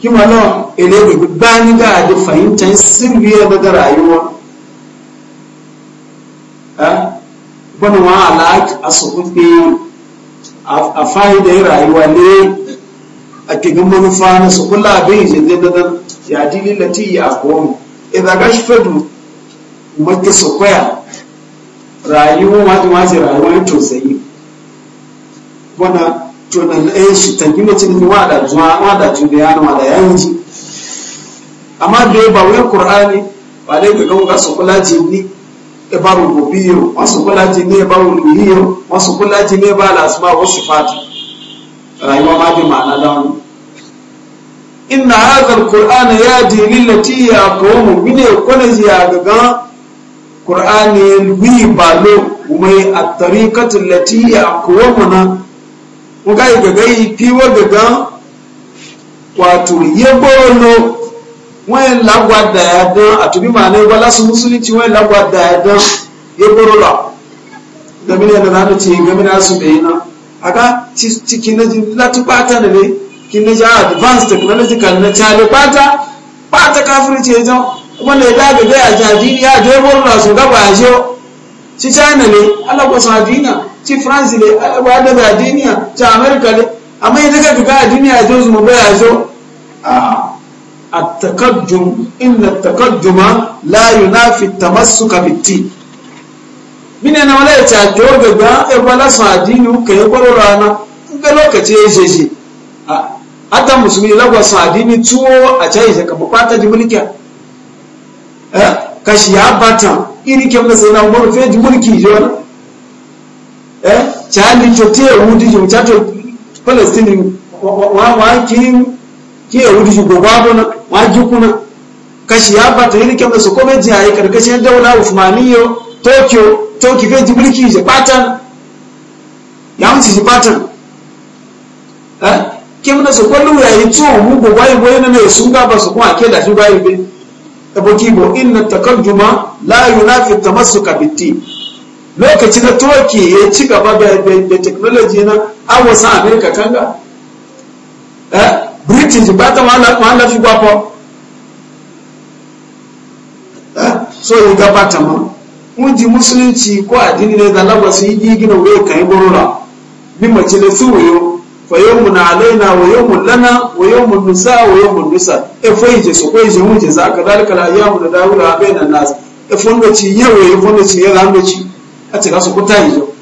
ki mala ele gaga bani da da fahimtar sirriya daga rayuwa Ha? bana wa ala a sukufi a fa'idar rayuwa ne a kigin manufa na kula bai je daga ya dili lati ya komi idan ga shi fadu mata su kwaya rayuwa wajen wajen rayuwa to sai wana to na eh shi tangi mutum ne wada zuwa wada juda yana wada yanzu amma da ba wai qur'ani ba dai ga ga su kula jinni e ba rububiyyo wasu kula jinni e ba uluhiyyo wasu kula jinni ba al-asma wa sifat rayuwa ma bi ma'ana da wannan inna hadha alqur'ana yadi lati ya qawmu bine kone ya gaga qur'ani wi balo umai at-tariqatu lati ya qawmu na uga gaga ipiwa gaga wato yebolo wọn lagwada ya dan atubi ma ne wala su musulunci wọn lagwada ya dan yebolo la da mini da na ce gamina su bayina aga cikin na lati bata ne kini ja advanced technological na chale bata bata kafirci ya jan kuma da ya daga ga ya jadiri ya je borna su gaba ya shiyo ci china ne ala ko ci france ne ala ko da zadiniya ci america ne amma idan ka ga adini ya je su mu ba ya shiyo التقدم إن التقدم لا ينافي التمسك بالدين من أنا ولا يتعجور بقى إبلا صادين وكي يقولوا لنا lokaci كتير جيجي hata musulmi lagwa sadini tuwo a chai ka bukata ji mulki eh kashi ya bata iri ke masa na umar fe ji mulki jona eh chali chote wudi jo mutato palestini wa wa kin ki wudi jo gogo kuna kashi ya bata iri ke masa ko meji ai karkashin daula usmaniyo tokyo tokyo fe ji mulki je bata ya mutu ji bata eh kim na su kwallo ya yi ciwon mugu bayi bayi na ne sun gaba su kuma ke da shi bayi bi tabbaki bo inna takajjuma la yunafi tamassuka bitti lokaci na toki ya ci gaba da technology na awasan america kanga eh british ba ta wala fi gwapo eh so yi gabata ma mun ji musulunci ko addini ne da lagos yi gina wuri kan yi borora bi mace da suwayo fayomun alaina wa yomun lana wa yomun nusa wa yomun nusa e foyince su koyince hunce za ka zalika la ayyamu da dawuda a bainan nas e fondo ci yawo e fondo ci ya zando ci a ce su kuta yi jo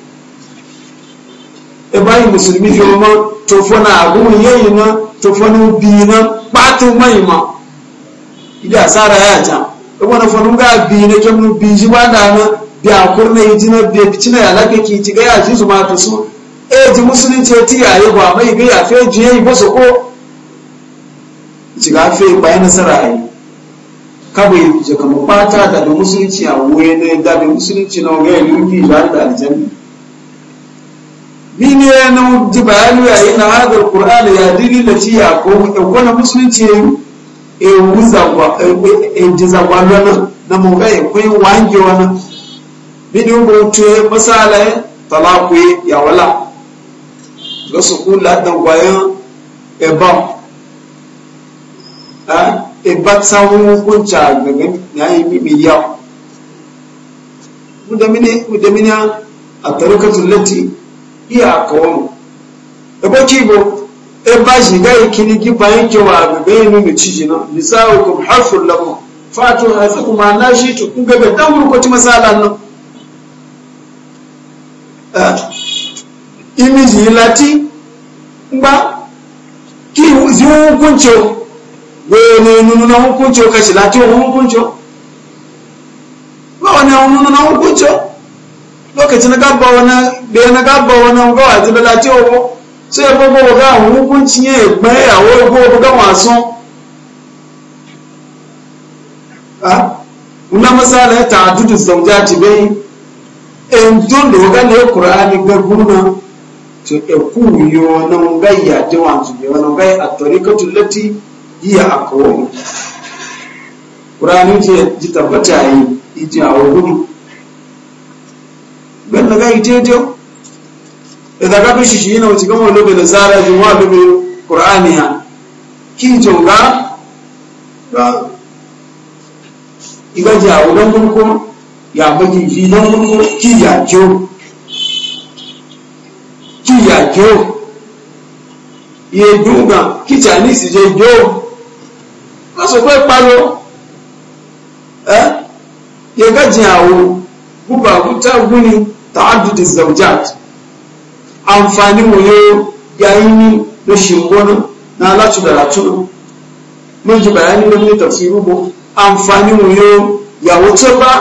e bayin musulmi fi ma to fona agun yayi na to fona bi na patu mai ma ida asara ya ta e wona fona ga bi na kemu bi ji ba da na bi akurna yi ji na bi ci na ya lake ki ci ga ya ji su ma to su eji musulunci ti yayi ba mai ga ya fe ji yayi musu ko ci ga fe bayan nasara ai kawai ji kama fata da da musulunci a wuye ne da da musulunci na ga yi ki da da aljanna ne na ji bayani ya yi na hadar qur'ani ya dili da ci ya ko ko na musulunci e wuza kwa e, e, e jiza na na mu ga e ko wange wana bidin ko tuye masala talaku ya wala ga su kula da gwayan eba eba tsawon hukunca gangan yayin mimiyya mudamina a tarukatun lati iya kawo eba kibo eba shiga ikini giba yankewa gangan yin ci jina lisawo kuma harfin lamar fatu haza kuma na shi tukun gaba dan burkoti masalan nan imiji lati ngba ki zi hukuncho wani nunu na hukuncho kashi lati wani hukuncho ba wani nunu na hukuncho lokacin na gaba wani bayan na gaba wani ga wazi da lati wani so ya gbogbo ga hukuncin ya egbe yawo gbogbo ga wasan ha una masala ta dudu zaujati bai en don da ga ne qur'ani ga gurna to eku yo gayya jawan su yo nan a tariqatu lati hiya aqwam qur'ani je ji tabbata yi iji a wurin ben daga ite jo shi na wuce gama lobe da zara ji wa lobe qur'ani ha ki jonga ba a wurin kuma ya bagi filan kuma ki ya jo kíyà jó iye dùngàn kí chinese ṣe jó wọ́n sọ pé pariwo ẹ́ yẹ̀ká jìn àwò búba kúta gúni tààdù di zaujat àǹfààní wòye yayin ní lóṣù wọnú náà látúndàlá túnú méjì bàyá ní lómi tafsiru bò àǹfààní wòye yàwó tó bá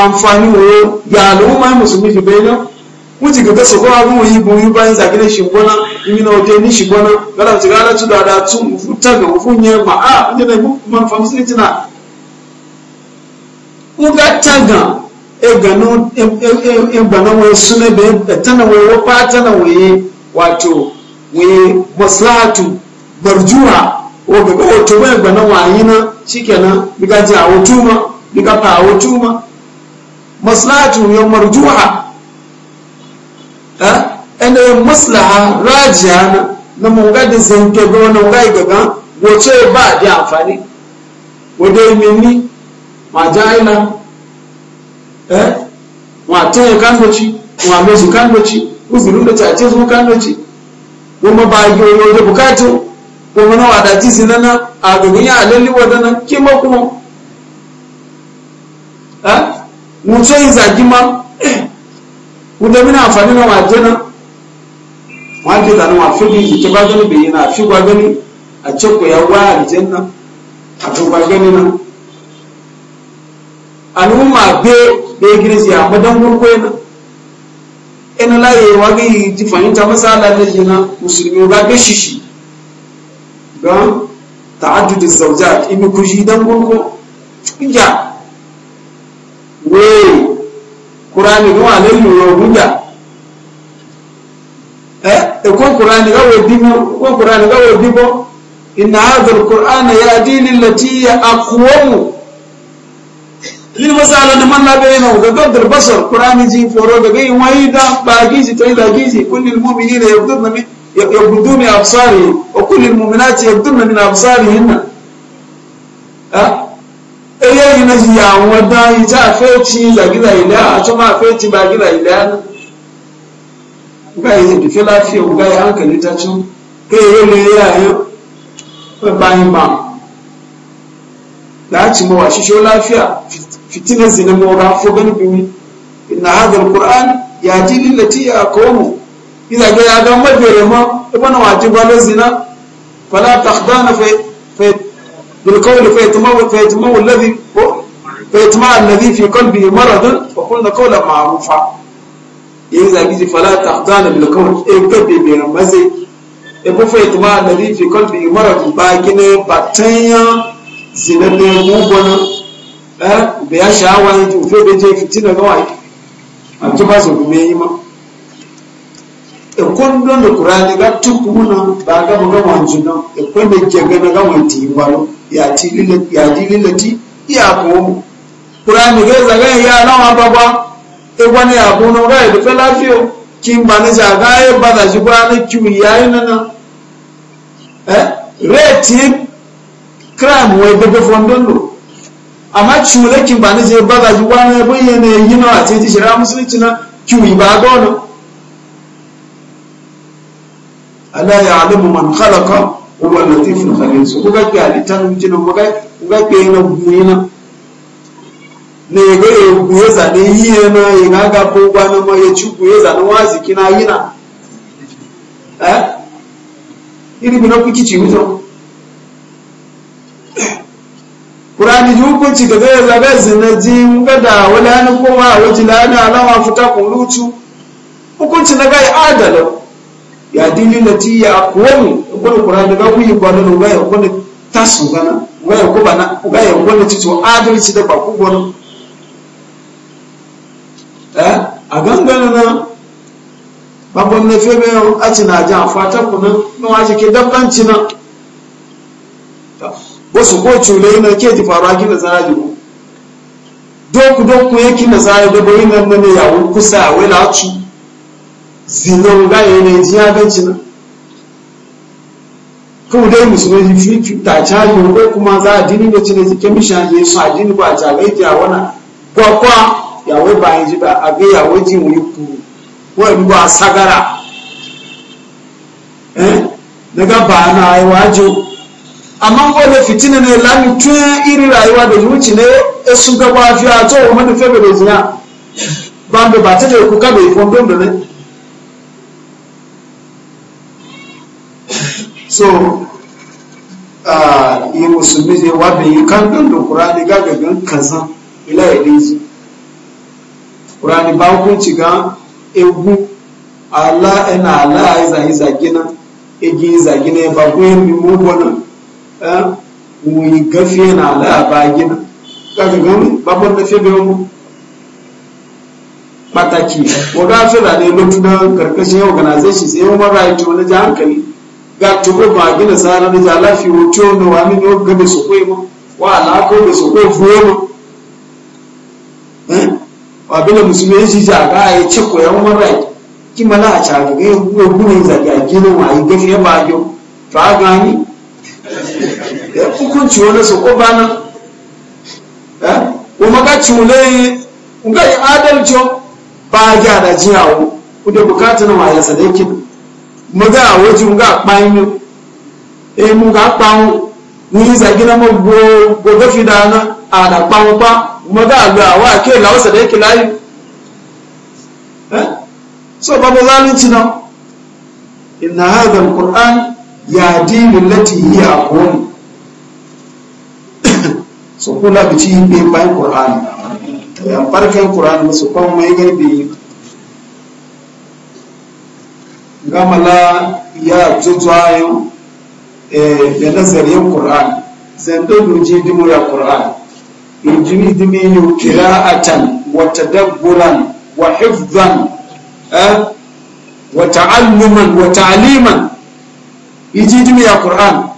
àǹfààní wòye yàlú máa mùsùlùmí fi bẹ́ẹ̀ náà. wuce ga gasa kowa kuma yi boyu bayan zagire shi gona imi na wajen ni shi gona gara ci gara ci da da tun futa ga ufun ya ma a wajen da mu man fa musulunci na uga taga e gano suna da tana wa fata na wai wato wai maslahatu barjuwa o ga ga wato e na a ma ma ene maslaha rajiya na na munga da zanto ga wani munga gaga wace ba da amfani wadda yi mini ma jaina eh wa ta yi kandoci wa meji kandoci uzurin da ta ce zuwa kandoci kuma ba yi yoyo da bukatu kuma na wadaci na a gaban ya alalli wadannan kima kuma eh mutum zagi ma wanda mina amfani na wajena wajen da na fi bin jike ba gani bai na fi gwa gani a ce ku yawa aljanna a fi gwa gani na al'umma be be girsi a madan gurgo yana ina laye wa ga yi ji fahimta masala na jina musulmi ba be shishi don ta'addud zawjat imi shi dan gurgo ya we kurani gan ale lu kurani kurani ina hadal ya dini lati ya akuwamu lil masala da man ga gaddar basar kur'ani ji foro daga da bagi ji tai bagi ji kullil mu'minina min absari wa kullil mu'minati min absarihinna ah eléyìí náà ti yà àwọn a ìjà àfẹ́ẹ̀tì ìzàgídà ilẹ̀ àtọ́mọ́ àfẹ́ẹ̀tì bàgídà ilẹ̀ àná gáyé ìdìfẹ́ láti ọ̀gá yà ń kẹ̀lé tàtú lè rí bá yín ìmà láti mọ àṣìṣe ọláfíà láfíà ni na mọ̀ ọ̀rọ̀ afọ́gẹ́ni mi ìnà àdàl kuran yàtí lílẹ̀ tí yà á ìdàgbẹ̀rẹ̀ mọ́ náà wà á ti zina fọlá بالقول فيتمول فيتمول الذي فيتمع الذي في قلبه مرض فقلنا قولا معروفا إذا بيجي فلا تخضعن بالقول إبقى بمزي إبقى فيتمع الذي في قلبه مرض باقين باتنيا زنبه موبنا بيا شعوان يجي وفي بيجي فتنة نوعي أنتم بازوا بميما ekondo ne kurani gatukumuna baga muga wanzuno ekweme jengana ga wanti ngwalo ya tilile ya tilile ti ya ko kurani geza ga ya na wa baba e wani abuno ga e fe lafio kimba bada jibrani ki ya ina na eh? reti crime we bebe fondondo amma chule kimba ne je bada jibrani bo yene yino ati ti shira musulmi na ki ba gono ala ya'lamu man khalaqa huwa latiful khabir so kuga ki alitan mutino kuga kuga ki na guyina ne ga ye guyeza ne yiye na ye ga ga gwa na ma ye chu guyeza na wazi kina yina eh ili bina kukici mutum kurani hukunci ga zai zaga zinaji muka da wani hannun kowa a wajen da hannun alama fita kun na gai adalo ya dili ti ya kuwani kwani kurani daga kuyi kwani ugayen kwanu ta su gana ugayen ya ko bana ga ya kwani adalci da ba ku a gangana na babban na febe a ci na jan fatan ku nan na waje ke dabbanci na wasu ko cule na ke ji faruwa gina zari doku doku yake na zari da nan nan ne ya kusa a na zinon gaye ne ji ya ganci nan kawai dai musulmi fi fi ta caji ko kuma za a dini da cire jike mishan ne su a dini ba a jagai ta wana kwakwa yawai bayan ji ba a ga yawai jin wuyi kuru wani ba sagara eh daga ba na yi wajo amma wani fitina ne lami tun iri rayuwa da zuci ne ya sun gaba fiya to wani febe da zina ba ba ta da kuka bai fondon da ne so yi musulmi zai wadda yi kan ɗin da ƙurani gagagan kazan ila ya ɗinsu ƙurani ba hukunci ga egu, ala ina ala ya zagi zagi na egi zagi na ya ba ku yin mimmu na mu yi gafi na ala ya ba gina gagagan babban na febe mu pàtàkì wọ́n dá fẹ́ràn ní lótú náà kàrkashin organization sai human rights wani jẹ́ hankali gato ko ba gina sana da ta lafi hoto no wa min yo gabe su koi mo wa ala ko be su ko fuwo mo eh wa bila musulmi ji ja ga ya ce ko yan warai ki mala a ta ga ya go gune za ga gina wa yi gafe ba yo to a gani ya hukunci wani su ko bana eh kuma ka cule ga adalci ba ga da jiyawo ku da bukatar wa ya sadakin mọ́gá àwọn tí mọ́gá pa inú èmú ká pa wọn ní ìzàgínà mọ́ gbogbo fi dáná àdàpá wọn pa mọ́gá àgbà àwọn àkéèlà ọ̀sẹ̀ lẹ́kẹ̀ láyé so babu zalunci nan inna hadha alquran yahdi lillati hiya aqwam so kula bi bici be bai quran ya farkan qur'ani su kuma mai garbi gamala ya tutu ayo da eh, nazarin Qur'an sai da duji dimu ya Qur'an yujini dimi yu qira'atan wa tadabburan wa hifdhan eh, wa ta'alluman wa ta'liman iji dimi ya Qur'an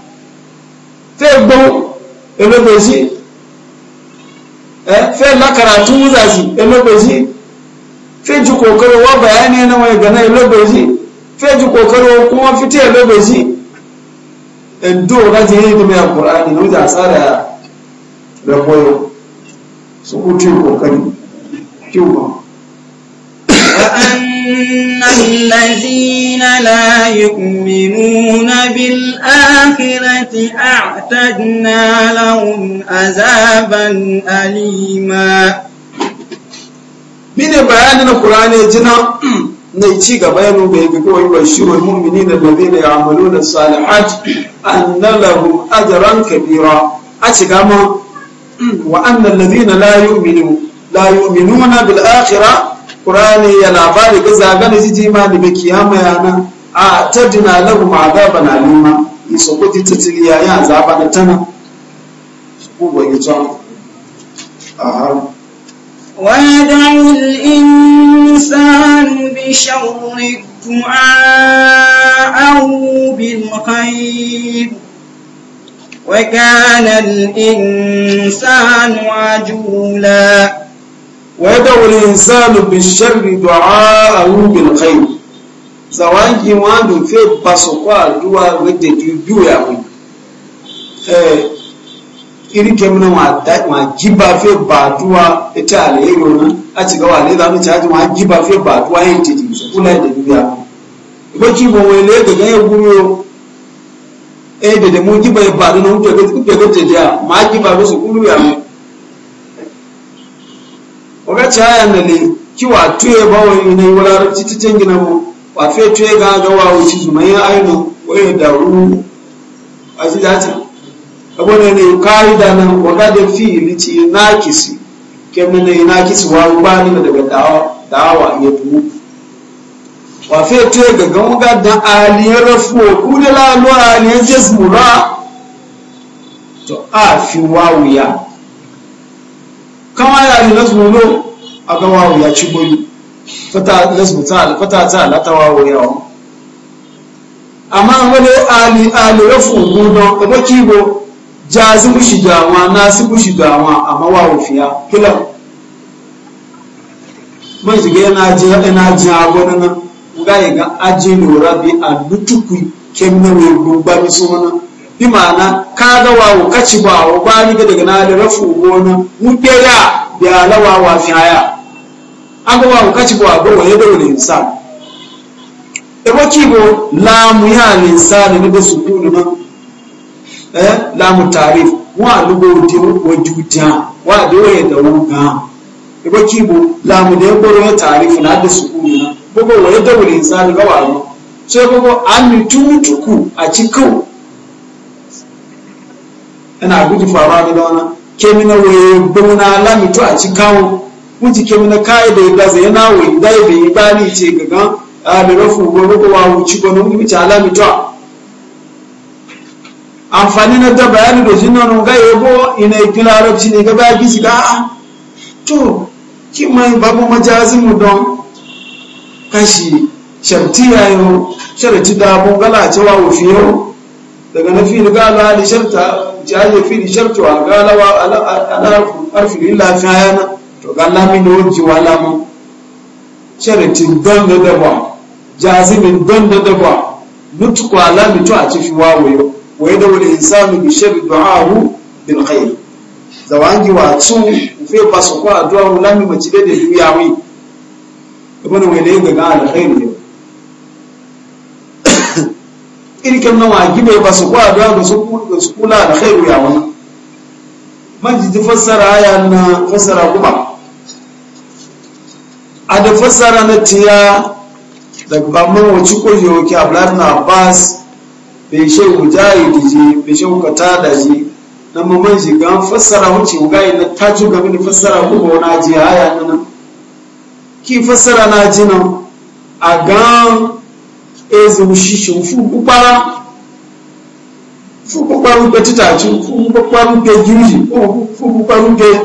eh, fe gbo elobeji fe la karatu zaji elobeji fe ji kokoro wa bayani na wai gana elobeji feji kokaro kuma fita ya lokaci endo ga je yi da mai alqur'ani no da tsara da koyo su kuce kokari kiwa وأن الذين لا يؤمنون بالآخرة أعتدنا na ci gaba ya nuna ya biko yi bashirul mu'minin alladhina ya'maluna salihat annalahu ajran kabira a ci gama wa annal ladina la yu'minu la yu'minuna bil akhirah qur'ani ya labari ga zagana ji ma da kiyama nan a tadina lahum azaban alima iso ko titili ya ya azaba da tana su ko bai ta har ويدعو الإنسان بشر الدعاء بالخير وكان الإنسان عجولا ويدعو الإنسان بالشر دعاء بالخير zawangi wandu fe basokwa duwa wede duya wi eh iri kemna wa da wa giba fe batuwa ita alheri wannan a ci gawa ne za mu caji wa giba fe batuwa yin titi su kula da duniya ba ki bo wai le da gaya guro e da da mu giba ba na nan ke ke ke da ma giba ba su kulu ya mu o ga caya ne ne ki wa tuye ba wai ne wala titi tengina mu wa fe tuye ga ga wa wuci zumai ayo wai da ru a ji dace abone ne kaida nan waga da fi'ili ci nakisi mun ne nakisi wa da ga dawa dawa ya bu wa fe te ga ga da aliyar rafu ku da la lo aliyar ra to a fi wuya kama ya yi lo a ga wuya ci boyi fata nazmuta fata ta la ta wawuya wa amma wani ali ali rafu gudon da kibo jazi mushi dawa nasi mushi dawa amma wa wufiya kila mai jige yana je yana je agona na ga yi ga aje lura bi a dutuku kemna ne gumba mi so na bi ma'ana ka ga wa kaci ba wa ba ni ga daga na da rafu na mu ya bi alawa wa fiya an ga wa kaci ba ba wa yadda wani nsa. e ba kibo la mu ya ne insan ne da su kuna na Eh? láàmù tààrí wọ́n àlúgbò òdí ojú dìán wọ́n àdéhùn ẹ̀dẹ̀wò gan-an ẹgbẹ́ kí ibo láàmù dẹ́ gbọ́rọ̀ ẹ̀ tààrí fún láti sùkúrù náà gbogbo wọ́n yẹ́ dẹ̀wò lè ń sáré lọ́wọ́ àwọn ṣé gbogbo àmì túmùtùkù àti kọ́wọ́ ẹ̀nà àgùdì fàrọ̀ àdọ́dọ́ná kémi na wòye na náà láàmì tó àti káwọn wọ́n ti kémi na káyọ̀ da gbazẹ̀ yẹn náà wòye dáìbẹ̀ yẹn bá ní ìtì a àbẹ̀rẹ̀ fún gbogbo wa a. amfani na da bayani da jinna nun ga yabo ina ikin larabci ne ga baki shiga a ah, to ki mai babu majazin don kashi sharti yi sharti da abun gala cewa yau daga na fi riga ala li sharta jaje fi li shartu wa gala wa ala arfi illa fi hayana to ga min do ji wa lamu sharti don da ba jazimin don da ba nutukwa lami to a cikin yau. wa yadda wani insanu bi shabi du'ahu bil khair zawangi wa tsu fe paso kwa addu'a ulami majide da ibn wani ga ga al khair ne iri kan nawa gibe paso kwa da su da su kula al khair ya wannan man ji na fassara kuma a da na tiya daga ba mun abdullahi abbas bai shehu jahidi ji bai shehu katada ji na mamman shi fassara wuce gayi na taju ga mini fassara kuma wani aji haya nan ki fassara na ji nan a gan ezu shi shi fu kukpara fu kukparu pe titaju fu kukparu pe giriji fu kukparu pe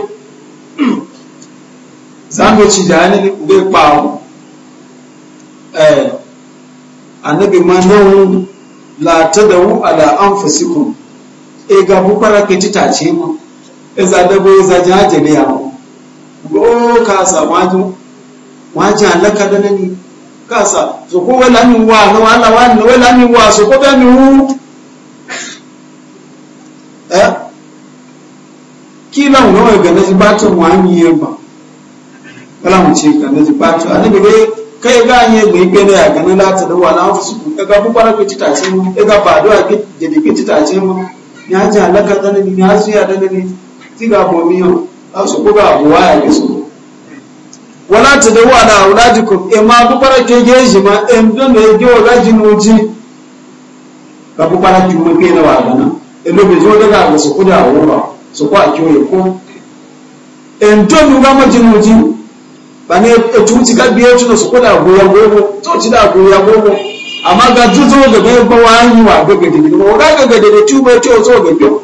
zango ci da ni bai kpawo eh annabi ma la ta da tadawu ala anfusikum e ga bukwara ka ji tace mu e za da bai e za ji hajji ne yawo go ka sa ma ju wa ka da nani ka sa so ko wala ni wa no wala wa no wala ni wa so ko da ni wu eh kila no ga na ji ba ta wa ni ba kala mu ce ga na ji ba ta ani be Ka ga nye gbe ikpe na ya gani láti da wà láwọn fusukù ẹgbà púpàrà pé títà tí mú ẹgbà pàdó àgbèdè pé títà tí mú ní a jẹ alága dání ni a zúyà ni ga bọ̀ míyàn a sọ pé bá bọ̀ wáyà lè sọ. wọ́n láti da wà láwọn láti kò ẹ máa púpàrà ma ẹ ń dán lè gé ọ̀gá jí ga púpàrà kí mú na wà gánà ẹlòmí tí wọ́n dẹ́gà àgbẹ̀ sọ kó dà wọ́n wà sọ kó àkíwọ̀ yẹ bane etuti kabi etu no sokola gogo to da aguya gogo amma ga tuzo ga bai ba wani wa ga ga dini ko ga ga ga tu ba to zo ga biyo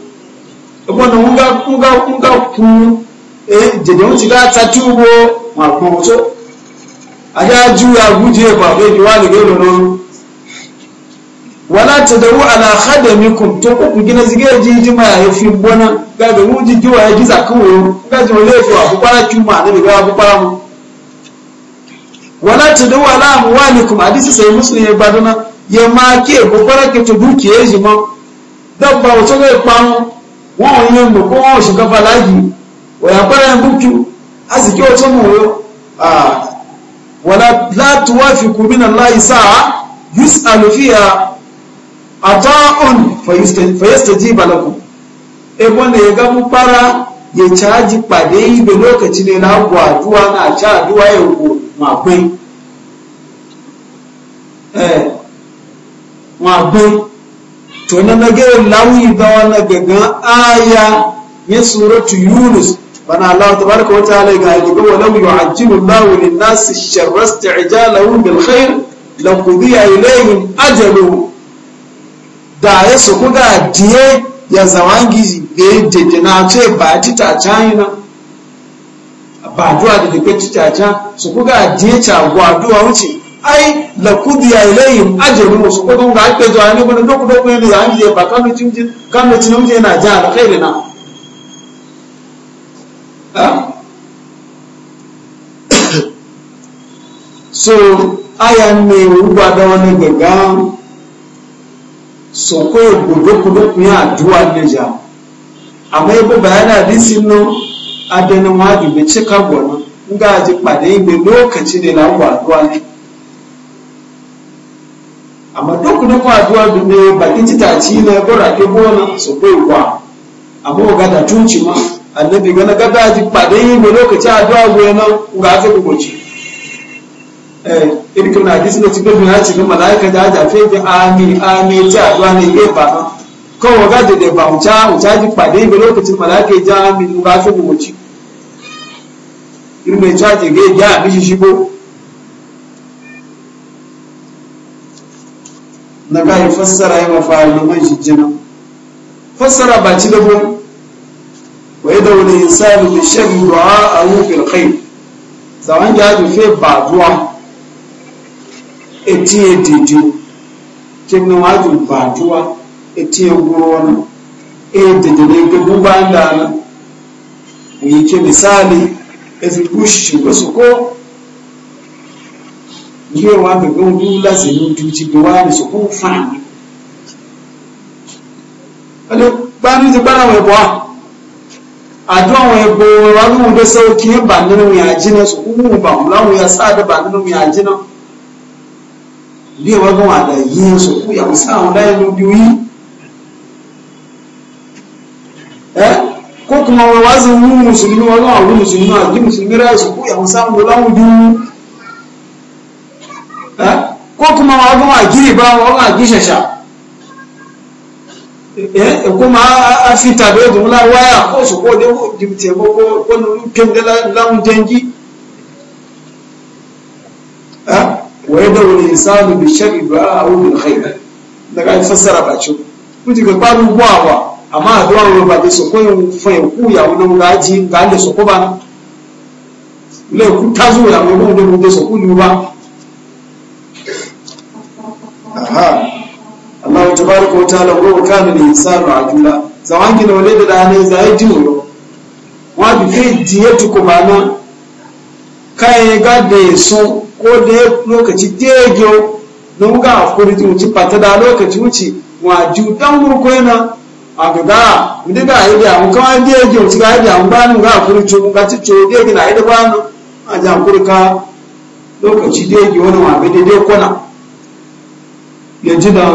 ko nga ku e je de ti ga ta tu bo ma ko so aja ju ya guje ba ga ji wani ga no wala tadaru ala khadamikum to ko gina zige jiji ma ya fi bona ga ga mu ji ji wa ya ji zakawo ga ji wale to abu kwara kuma ne ga abu mu wala tudu wala amwalikum hadisi sai muslim ya badana ya ma ke bukora ke to duki ya jima dabba wato ga pan won yin mu ko won shiga falaji wa ya fara buku aziki wato mu yo ah wala la tuwafiqu min allahi sa'a yus'alu fiha ata'un fayastajiba lakum e wanda ya ga mu fara ya caji pade ibe lokaci ne na gwaduwa na ca duwa ya rubuta wọn àgbé wọn àgbé to na nagere lawi da wannan gangan aya ya suratu yunus bana wata tabaraka wataala ga gaba walau yu'ajjilu Allahu lin-nasi sharra isti'jalahum bil khair laqudiya ilayhim ajaluhum da ya su diye ya zawangi da ya ta china ba duwa da dake citaca su kuga jeca go addu'a wuce ai la kudiya ilayhim ajru su ko ga ke zuwa ne gudun doku doku ne ba kan kan ja na so aya ne ruba da wani gaga so ko gudu kudu ne ja amma yabo bayana no adanin wagi mgbe cika gona ndị ji kpade igbe lokaci ne na ngwa aduwa ne amma duk da kwa aduwa bi ne bakin ci taci ne gora ke gona su kai ma annabi na gaba ji kpade igbe lokaci na nga ji malaika da ajafe ga ami ami ta aduwa ne ke ba kọwọ ga da ba wuta wuta ji fade ba lokacin malaka ja min ga su mu ci irme ta ji ga ja mishi shigo na ga fassara ya mafarin man shi jina fassara ba ci da mu wa yadda wani insani bi sharri du'a a rufin kai zaman ja ji fe ba duwa etiye dede kin na wajin ba duwa eti eguro na ededere ke ezikushi kwesoko ndiye wambe gongula zinutu chibiwani sokufana alo banu ze bana webwa ajo webo walu de so ki bandinu ya jina da bandinu ya jina Eh? ko kuma wazin mu musulmi wani abu musulmi a ji musulmi rai su kuya mu samu da lamu biyu eh? ko kuma wa gama giri ba wa gama gishasha eh? kuma a fita da yadda mula waya ko su ko da jimte ko ko nufin da lamun dangi wa yadda wani insanu bi shari ba a wurin haina daga fassara bacin kuji ga babu buwa ba amma addu'a wani ba bai sokoyi fayi kuya wani mu daji ga an soko ba ne ku ta zo ya mai wani mu da soko ne ba aha Allah ta baraka wa ta'ala wa kana ni insanu ajula zaman gina wale da dane zai ji mu wa bi fi diyatu ko bana ya ga da so ko da ya lokaci dege don ga hakuri ci ta da lokaci wuce wa ju dan gurko yana agaga ndiga aidi amu kama ndi egi otiga a amu bani nga akuri cho nga chicho ndi egi na aja akuri ka lokaci ndi egi wani wabe ndi ndi kona yanzu da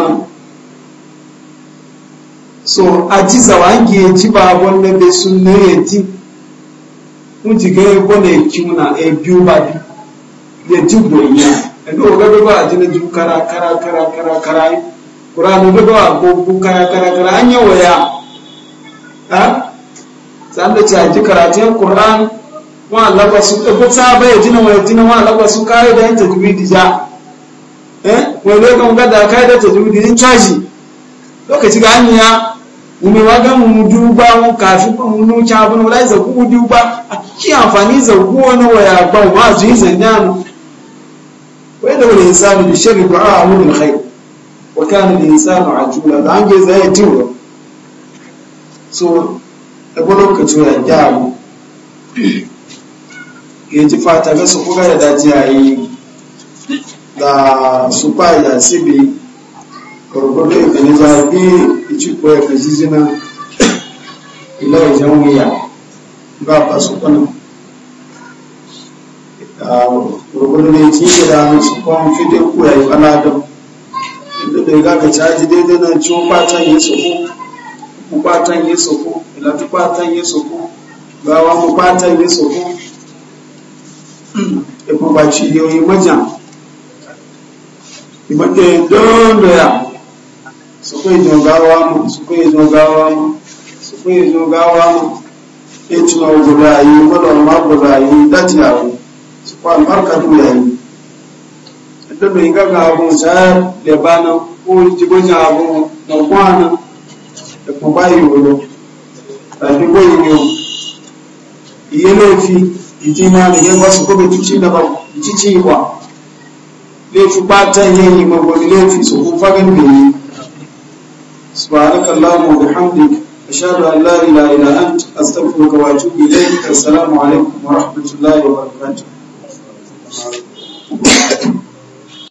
so aji zawangi eji ba abon na be sun ne yanzu nji e e ga ebo na eki na ebi uba bi yanzu bo iya ebe ogabe ba aji na ju kara kara kara kara kara yi kuranu duka ba ko kara kara kara an yawa ya ha san da caji karatun qur'an wa laba su ko ta bai jina wa jina wa laba su kai da tajwidi ja eh wai ne kan gada kai da tajwidi in caji lokaci ga anya mu wa ga mu duba mu kafi mu nu ca bun wala za ku duba a ki amfani za ku wani waya ba wa zai zanya wai da wani insani bi shari'a a amul khair wa kana al a ajula da an ge zai tiwo so da bo lokaci ya jawo ke ji fata ga su kuga ya dace da su ya sibi korokoro ikani za bi ichiko ya kajijina ila ya jawiya da su kwan fidin kuwa ya fana don da ga ka caji daidai nan ci kwatan yi soko mu kwatan yi soko ilatu kwatan yi soko gawa mu yi soko e ko ba ci yo yi maja i mate don doya soko yi gawa mu soko yi gawa yi da mai gaga abun sayar lebanon ko jibojin abun na kwana da kuma yi wuro tafi goyi ne iye laifi iji na da yin wasu kuma cici da ba cici ba laifi batan yin yi magwani laifi su kun fagen da yi subhanakallahu wa bihamdik ashhadu an la ilaha illa anta astaghfiruka wa atubu ilayk assalamu alaikum wa rahmatullahi wa barakatuh Thank you.